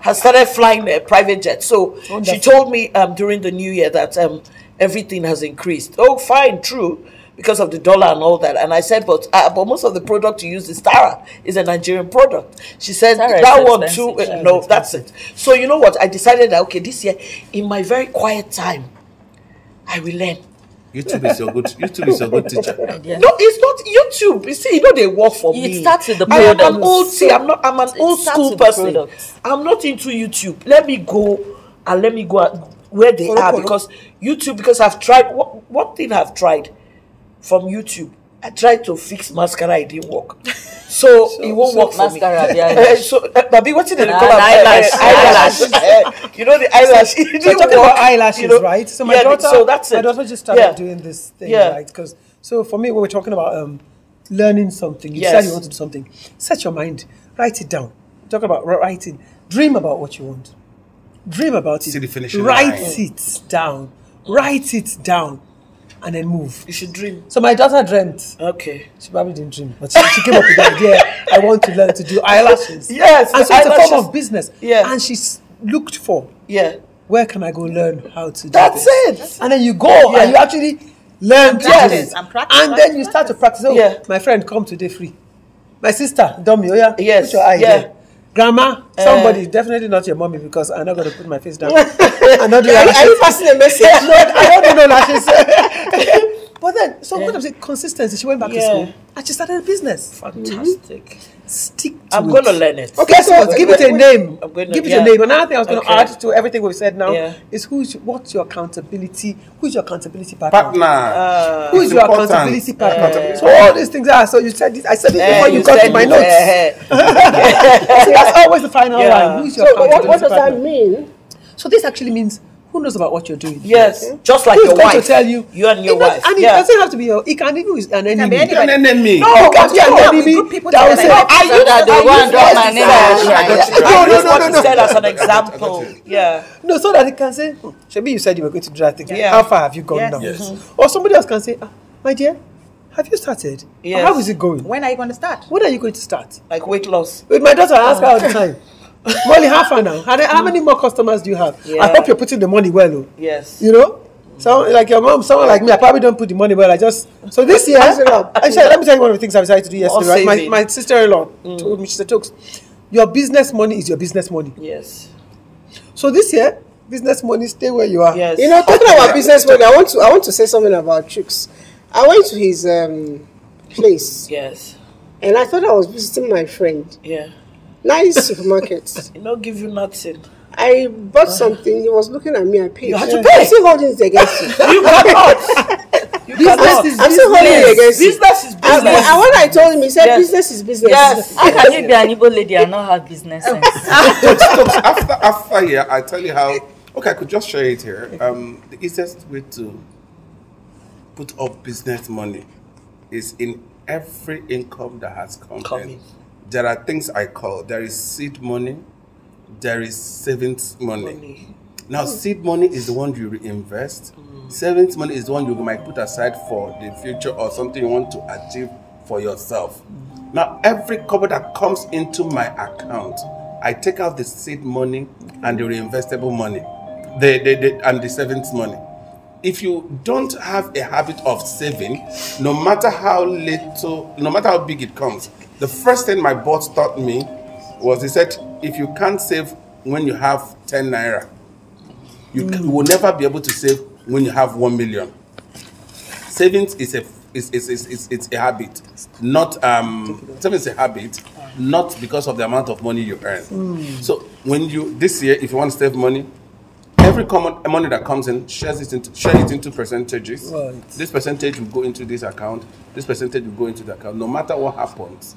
Speaker 2: has started flying a private jet. So Wonderful. she told me um, during the new year that um, everything has increased. Oh, fine, true, because of the dollar and all that. And I said, but uh, but most of the product you use is Tara, is a Nigerian product. She said
Speaker 6: Tara that one too.
Speaker 2: Uh, no, that's it. So you know what? I decided that okay, this year in my very quiet time, I will learn.
Speaker 6: YouTube is your good. YouTube is your good teacher. [LAUGHS]
Speaker 2: No, it's not YouTube. You see, you know they work for it me. It starts with the product. I am an old. See, I'm not. I'm an it old school person. I'm not into YouTube. Let me go and let me go where they follow, are follow. because YouTube. Because I've tried. What, what thing I've tried from YouTube I tried to fix mascara, it didn't work. [LAUGHS] So, so it won't so work for mascara, me. Mascara, [LAUGHS] eh, So,
Speaker 4: uh, Babi, what's it? Uh, call eyelash. Eh,
Speaker 2: eyelash. [LAUGHS] you know the eyelash. So, are so talking work, about eyelashes, you know? right? So my yeah, daughter, so that's it. my daughter just started yeah. doing this thing, yeah. right?
Speaker 4: Because so for me, we were talking about um, learning something. You yes. decide you want to do something. Set your mind. Write it down. Talk about writing. Dream about what you want. Dream about it. See the finishing Write line. it down. Write it down and then move. You should dream. So my daughter dreamt. Okay. She probably didn't dream, but she, she came up with the idea. I want to learn to do eyelashes. Yes. And so it's a form of business. Yeah. And she's looked for. Yeah. Where can I go learn how to do That's this? It. That's and then you go yeah. and you actually learn and to do And, practice, and practice, then you start to practice. Oh, yeah. my friend, come today free. My sister, Domio, oh yeah. Yes. Put your eye yeah. There. Grandma, eh. somebody, uh, definitely not your mommy because I'm not going to put my face down. [LAUGHS] I'm not doing lashes. Are you passing a message? no, I don't do no lashes. but then, so yeah. what I'm saying, consistency. She went back yeah. to school and she started a business. Fantastic. Mm-hmm. Stick to I'm it. gonna learn it. Okay, so give it a name. Gonna, give it yeah. a name. Another thing I was gonna okay. add to everything we've said now yeah. is who's what's your accountability? Who's your accountability partner? Partner. Uh, who's your important. accountability partner? Uh, so all these things are. So you said this. I said this uh, before you, you got to my notes. [LAUGHS] that's always the final yeah. line. Who's your so accountability what, what does partner? that mean? So this actually means who knows about what you're doing? Yes, okay. just like Who's your wife. to tell you you and your wife. and yeah. it doesn't have to be your. It can even be an enemy. It can be an enemy. No, it can be an enemy. people that will say, "I you that they want drop my name." No, no, no, no, no. as an example. Yeah. No, so that it can say, hmm, "Shebi, you said you were going to do the thing. How far have you gone now?" Mm-hmm. Or somebody else can say, ah, "My dear." have you started? Yes. How is it going? When are you going to start? When are you going to start? Like weight loss. With my daughter, I ask her all the [LAUGHS] time. Only half an hour. how many more customers do you have? Yeah. I hope you're putting the money well. Though. Yes. You know? So like your mom, someone like me, I probably don't put the money well. I just so this year. let me tell you one of the things I decided to do yesterday. Right? My, my sister-in-law mm. told me, she said, "Tokes, your business money is your business money." Yes. So this year, business money stay where you are. Yes. You know, talking about business money, I want to I want to say something about tricks. I went to his um,
Speaker 1: place. Yes. And I thought I was visiting my friend. Yeah nice supermarket. It not give you nothing. I bought something. He was looking at me. I paid. You had to pay. I'm
Speaker 3: still holding it against you. you cannot. You business cannot. is I'm business. still holding it against you. Business is business. And, when I told him, he said, yes. "Business is business." Yes. How can you be an evil lady and not have business sense?
Speaker 6: [LAUGHS] after after yeah, I tell you how. Okay, I could just share it here. Um, the easiest way to put up business money is in every income that has come, come in. in there are things I call there is seed money, there is savings money. money. Now, mm. seed money is the one you reinvest. Mm. Savings money is the one you might put aside for the future or something you want to achieve for yourself. Mm. Now, every cover that comes into my account, I take out the seed money and the reinvestable money, the, the, the, and the savings money. If you don't have a habit of saving, no matter how little, no matter how big it comes, the first thing my boss taught me was he said, if you can't save when you have 10 naira, you, mm. will never be able to save when you have 1 million. Savings is a is, is, is, is, it's a habit, not um, savings is a habit, not because of the amount of money you earn. Mm. So when you this year, if you want to save money, every common uh, money that comes in shares it into share it into percentages. Right. This percentage will go into this account. This percentage will go into the account. No matter what happens,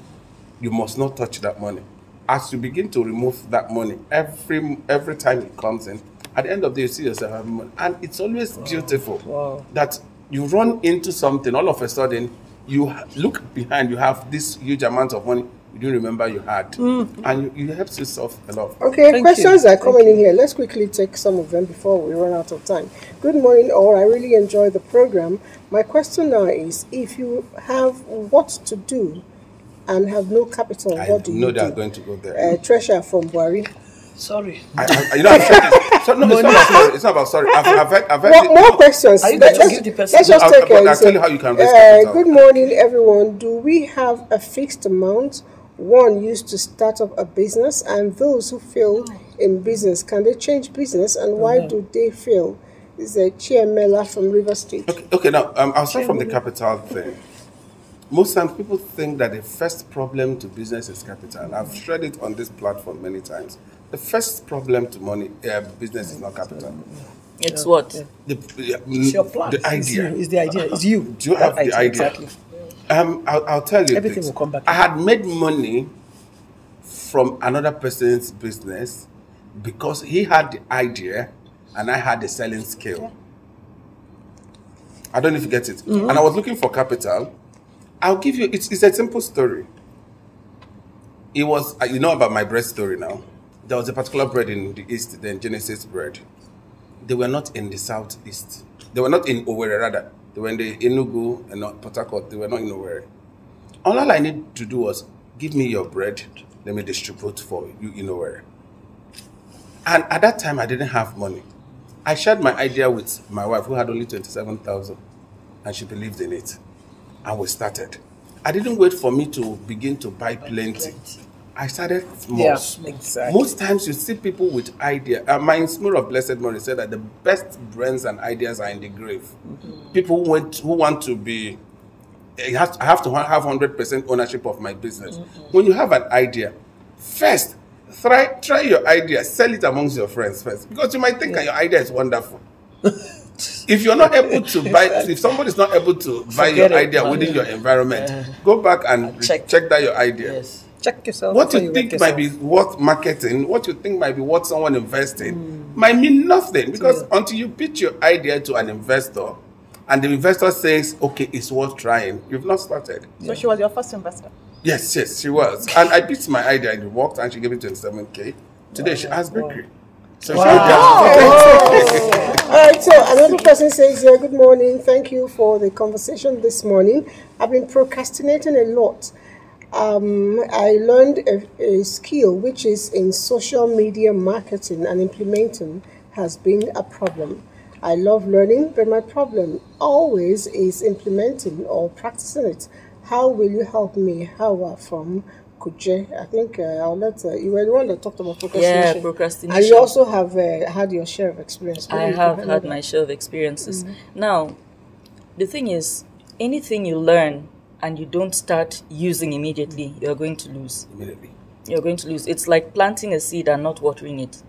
Speaker 6: you must not touch that money. As you begin to remove that money every every time it comes in, at the end of the day, you see yourself having money. And it's always wow. beautiful wow. that you run into something, all of a sudden, you look behind, you have this huge amount of money you don't remember you had. Mm. And you, you helps yourself a lot. Okay, Thank questions you. are coming
Speaker 1: Thank in here. Let's quickly take some of them before we run out of time. Good morning, all. I really enjoy the program. My question now is if you have what to do and have no capital, I what do you know they are going to go there. Uh, treasure from Buhari. Sorry. I, I, you know, I'm sorry. So, no, it's not, sorry. it's not about sorry. I've, I've, heard, I've heard more, questions. Are you going let's, to give the person? Let's just take I'll, I'll tell you how you can raise uh, Good morning, everyone. Do we have a fixed amount one used to start up a business and those who fail in business? Can they change business and why do they fail? Is a Chiemela from River State. Okay,
Speaker 6: okay now um, I'll start from the capital thing most times people think that the first problem to business is capital. I've shared it on this platform many times. The first problem to money uh, business is not capital. It's yeah. what the, the, it's mm, your plan. The idea is the idea. It's you. Do you have idea, the idea? Exactly. Um, I'll, I'll, tell you. Everything this. will come back. I had made money from another person's business because he had the idea and I had the selling skill. Yeah. I don't know if you get it. Mm-hmm. And I was looking for capital I'll give you, it's, it's a simple story. It was, uh, you know about my bread story now. There was a particular bread in the East, then Genesis bread. They were not in the Southeast. They were not in Owerri, rather. They were in the Enugu and not Port Harcourt. They were not in Owerri. All I need to do was give me your bread, let me distribute for you in Owerri. And at that time, I didn't have money. I shared my idea with my wife, who had only 27,000, and she believed in it and we started. I didn't wait for me to begin to buy plenty. I started small. Yeah,
Speaker 4: exactly. Most
Speaker 6: times you see people with ideas. Uh, my inspirer of Blessed money said that the best brains and ideas are in the grave. Mm-hmm. People who, went, who want to be, I eh, have to, I have to have 100% ownership of my business. Mm-hmm. When you have an idea, first, try, try your idea, sell it amongst your friends first. Because you might think yeah. that your idea is wonderful. [LAUGHS] if you're not able to buy, if somebody's not able to [LAUGHS] buy your idea it, within your environment, uh-huh. go back and check. check that your idea. Yes. Check yourself. What you, you think might be worth marketing, what you think might be worth someone investing, mm. might mean nothing because yeah. until you pitch your idea to an investor, and the investor says, "Okay, it's worth trying," you've not started. So she
Speaker 5: was your first investor.
Speaker 6: Yes, yes, she was, [LAUGHS] and I pitched my idea and it worked, and she gave me twenty-seven k. Today wow, she has bakery. So wow. she wow. [LAUGHS] All right,
Speaker 1: so another person says, good morning. Thank you for the conversation this morning. I've been procrastinating a lot. Um, I learned a, a skill which is in social media marketing and implementing has been a problem. I love learning, but my problem always is implementing or practicing it. How will you help me? How from could Kuche. I think uh, I'll let uh, you were the one
Speaker 3: that talked about procrastination. Yeah, procrastination. And you also have uh, had your share
Speaker 1: of experience. I have had my
Speaker 3: share of experiences. Mm-hmm. Now, the thing is, anything you learn and you don't start using immediately, you're going to lose. Immediately. You're going to lose. It's like planting a seed and not watering it.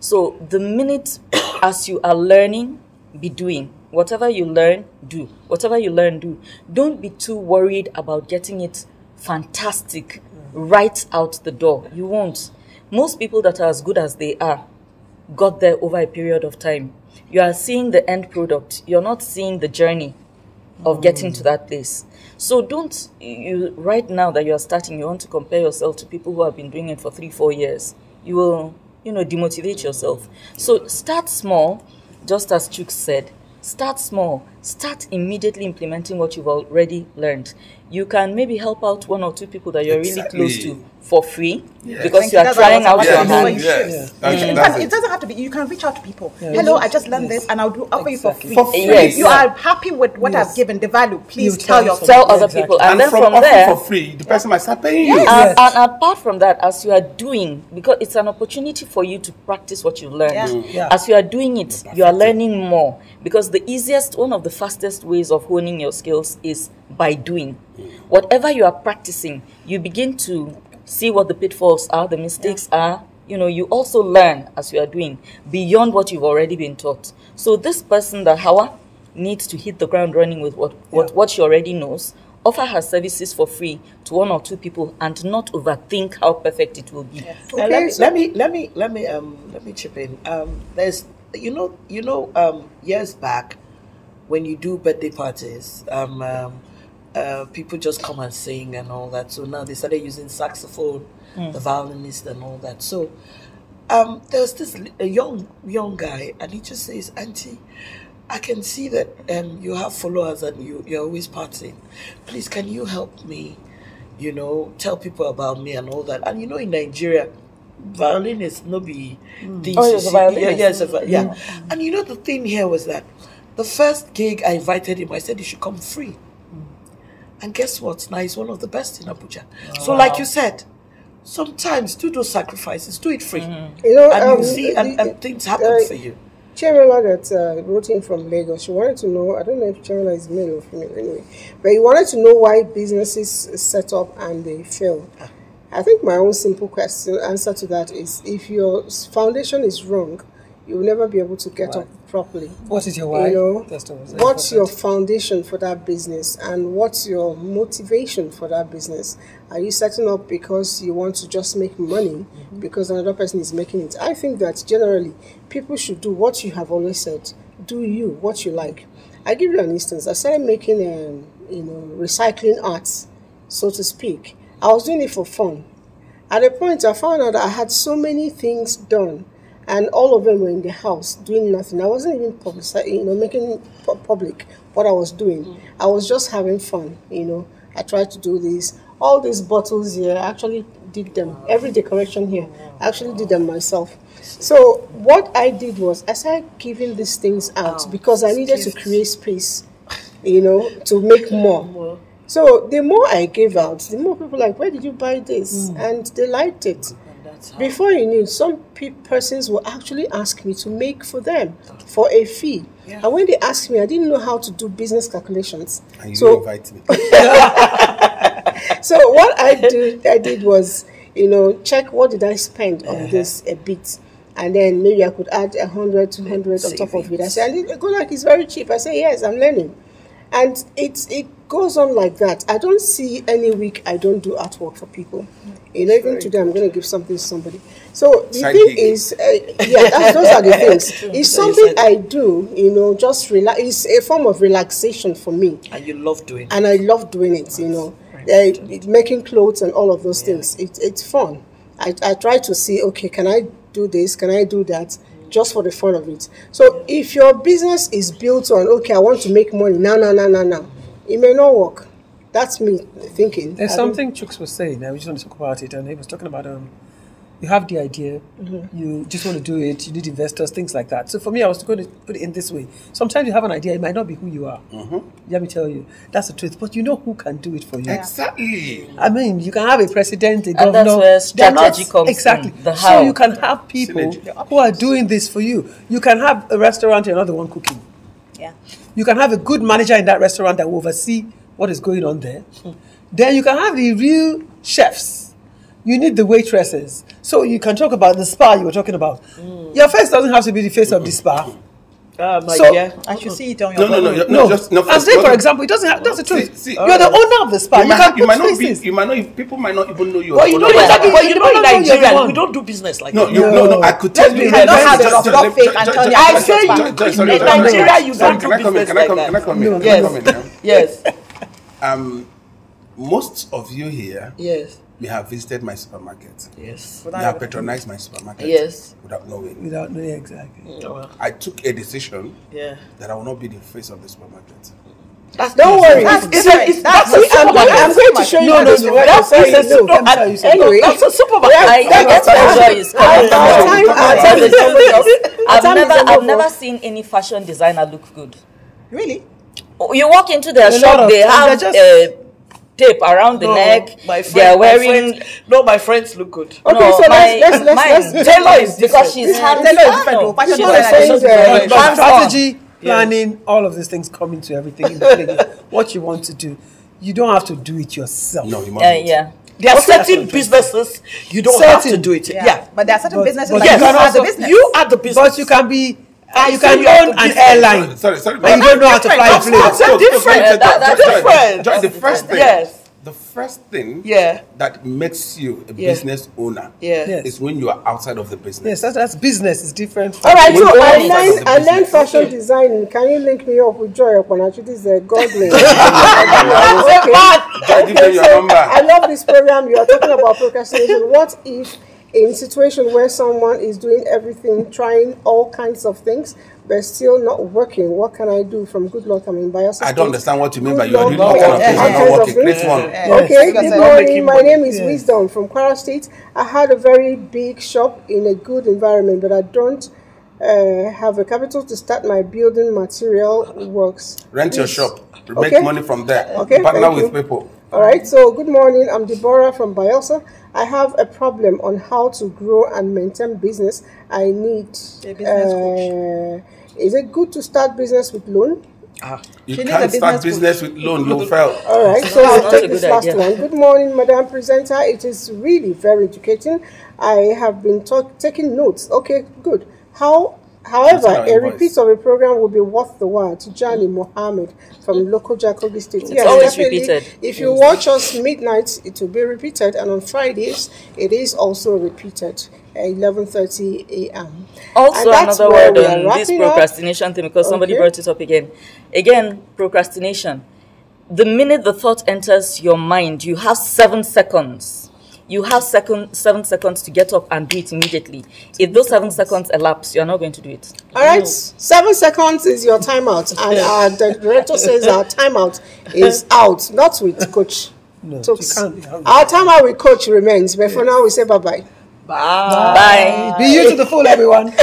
Speaker 3: So, the minute [COUGHS] as you are learning, be doing. Whatever you learn, do. Whatever you learn, do. Don't be too worried about getting it fantastic right out the door. You won't. Most people that are as good as they are got there over a period of time. You are seeing the end product. You're not seeing the journey of getting to that place. So don't you right now that you are starting, you want to compare yourself to people who have been doing it for three, four years. You will, you know, demotivate yourself. So start small, just as Chuk said. Start small start immediately implementing what you've already learned. You can maybe help out one or two people that you're exactly. really close to for free yes. because you are trying out your hand. Yes. Mm. it
Speaker 5: doesn't have to be. You can reach out to people. Hello, I just learned yes. this, and I'll do
Speaker 3: offer exactly. you for free. Yes. If you are happy with what I've given, the value, please you tell your tell other exactly. people, and, and then from, from there, for
Speaker 6: free, the person yeah. might start paying you. And,
Speaker 3: and, apart from that, as you are doing, because it's an opportunity for you to practice what you've learned. Mm. As you are doing it, you are learning more because the easiest one of the fastest ways of honing your skills is by doing. Whatever you are practicing, you begin to see what the pitfalls are, the mistakes yeah. are. You know, you also learn as you are doing beyond what you've already been taught. So this person that Hawa needs to hit the ground running with what, what, yeah. what she already knows, offer her services for free to one or two people and not overthink how perfect it will be. Yes. Okay, let, me, so let me
Speaker 2: let me let me um let me chip in. Um there's you know you know um years back when you do birthday parties, um, um, uh, people just come and sing and all that. So now they started using saxophone, mm. the violinist, and all that. So um, there was this young young guy, and he just says, "Auntie, I can see that um, you have followers and you you're always partying. Please, can you help me? You know, tell people about me and all that." And you know, in Nigeria, violinist no be mm. oh, yes, yeah, yeah, yeah. Mm. and you know the thing here was that the first gig I invited him, I said he should come free. Mm. And guess what? Now he's one of the best in Abuja. Oh, so, wow. like you said, sometimes do those sacrifices,
Speaker 1: do it free. Mm. You know, and um, you see, and, and things happen uh, for you. Chirela that uh, wrote in from Lagos, she wanted to know, I don't know if Chirela is male or female anyway, but he wanted to know why businesses set up and they fail. Ah. I think my own simple question answer to that is if your foundation is wrong, you'll never be able to get right. up properly. What is your why? You know,
Speaker 4: what's important.
Speaker 1: your foundation for that business and what's your motivation for that business? Are you setting up because you want to just make money mm -hmm. because another person is making it? I think that generally people should do what you have always said. Do you what you like? I give you an instance. I started making um, you know recycling arts, so to speak. I was doing it for fun. At a point, I found out I had so many things done and all of them were in the house doing nothing. I wasn't even public, you know, making public what I was doing. I was just having fun, you know. I tried to do this. All these bottles here, I actually did them. Every decoration here, I actually did them myself. So what I did was I started giving these things out oh, because I needed to create space, you know, to make more. So the more I gave out, the more people like, where did you buy this? Hmm. And they liked it. Before you knew, some pe- persons will actually ask me to make for them for a fee. Yeah. And when they asked me, I didn't know how to do business calculations.
Speaker 6: And you so, invite me. [LAUGHS]
Speaker 1: so what I did, I did was, you know, check what did I spend on uh-huh. this a bit. And then maybe I could add 100, 200 on top of it. I said, I go like it's very cheap. I say, yes, I'm learning. And it's, it goes on like that. I don't see any week I don't do artwork for people. Mm. You know, even today I'm going to give something to somebody. So the thing is, uh, yeah, those are the [LAUGHS] things. It's something I do. You know, just relax. It's a form of relaxation for me. And you love doing. And I love doing it. You know, uh, making clothes and all of those yeah. things. It, it's fun. I, I try to see. Okay, can I do this? Can I do that? just for the fun of it. So if your business is built on, okay, I want to make money No, now, now, now, now, it may not work. That's me
Speaker 4: thinking. There's I something Chooks was saying. I just want to talk about it, and he was talking about um, you have the idea, mm-hmm. you just want to do it, you need investors, things like that. So for me, I was going to put it in this way. Sometimes you have an idea, it might not be who you are. Mm-hmm. Let me tell you, that's the truth. But you know who can do it for you. Exactly. I mean, you can have a president, a governor. And that's where strategy comes Exactly. So you can have people who are doing this for you. You can have a restaurant, and another one cooking. Yeah. You can have a good manager in that restaurant that will oversee what is going on there. Hmm. Then you can have the real chefs. You need the waitresses. So you can talk about the spa you were talking about. Mm. Your face doesn't have to be the face of the spa. Hmm. Um, so, yeah, I should mm. see it on your. No, no, no, no,
Speaker 6: just, no. I'm for
Speaker 4: example, it doesn't. Have, that's the truth. See, You're the owner of the spa. You,
Speaker 6: might, you might not be. You might not. People might not even know you. Well, you know exactly. Well, you know in Nigeria, we don't
Speaker 4: do
Speaker 2: business like that. No, no, no. I could tell you. I know how to rock fake and tell I say you in Nigeria, you don't do business like that. Can I come in? Yes.
Speaker 6: Yes. Um, most of you here. Yes we have visited my supermarket. Yes. Without they have patronized my supermarket. Yes. Without knowing. Without knowing exactly. Mm. Oh, I took a decision. Yeah. That I will not be the face of the supermarket. That's don't worry. That's,
Speaker 2: it's right. a, it's, that's, that's a supermarket. I'm,
Speaker 1: I'm going to show you. No, no, no. That's sorry, a super, no, Anyway, that's a supermarket. I, get pressure is [LAUGHS] I've never, I've never
Speaker 3: seen any fashion designer look good. Really? You walk into their shop, they have
Speaker 2: tape around the no, neck. My friend, they are wearing. Friends, no, my friends look good. Okay, no, so my, let's let's
Speaker 4: let's, Taylor is because she's yeah, hands Taylor is different. No, strategy, planning, all of these things come into everything. [LAUGHS] what you want to do, you don't have to do it yourself. No, you must. yeah. There are certain businesses you don't certain, have to do it. Yeah. yeah.
Speaker 5: but there are
Speaker 7: certain but, businesses but like you, you, are also,
Speaker 4: business. you are the business. But you can be Ah, you can own an airline.
Speaker 7: Sorry, sorry. but you don't know how to fly a plane. That's different. That's different. the first thing. Yes
Speaker 6: the first thing yeah. that makes you a yeah. business owner yeah. is when you are outside of the business. Yes,
Speaker 4: that's, that's business. It's
Speaker 6: different. All right, when so I
Speaker 4: learned fashion design.
Speaker 1: Can you link me up with Joy Okpanachi? This is a godly. [LAUGHS] [LAUGHS] okay. I love this program. You are talking about procrastination. What if in situation where someone is doing everything, trying all kinds of things, but still not working. What can I do? From good luck, I'm in bias. I don't understand
Speaker 6: what you mean by you are doing all kind of things not working. one. Okay,
Speaker 1: good morning. My name is yeah. Wisdom from Kwara State. I had a very big shop in a good environment, but I don't uh, have a capital to start my building material works. Rent Please. your shop. Make okay. money from there. Okay, Partner with people. All right, so good morning. I'm Deborah from Bielsa. I have a problem on how to grow and maintain business. I need a business uh, coach. Is it good to start business with loan?
Speaker 6: Ah, you she can't business start coach. business with loan, you'll fail. All right, so I'll take this last idea. one. Good
Speaker 1: morning, Madam Presenter. It is really very educating. I have been taking notes. Okay, good. How However, a repeat of a program would be worth the while to Jani Mohammed from mm. local Jacobi State. It's yes, always repeated. If you mm. watch us midnight, it will be repeated, and on Fridays, it is also repeated. 11:30 a.m. Also, another word on this procrastination
Speaker 3: up. thing because okay. somebody brought it up again. Again, procrastination. The minute the thought enters your mind, you have seven seconds you have second, seven seconds to get up and do it immediately. If those seven seconds elapse, you're not going to do it.
Speaker 1: All right, no. seven seconds is your timeout, [LAUGHS] and our the director says our timeout is out, not with coach. No, our timeout with coach remains, but for now we say bye bye.
Speaker 2: Bye. Bye.
Speaker 4: Be you to the full, everyone.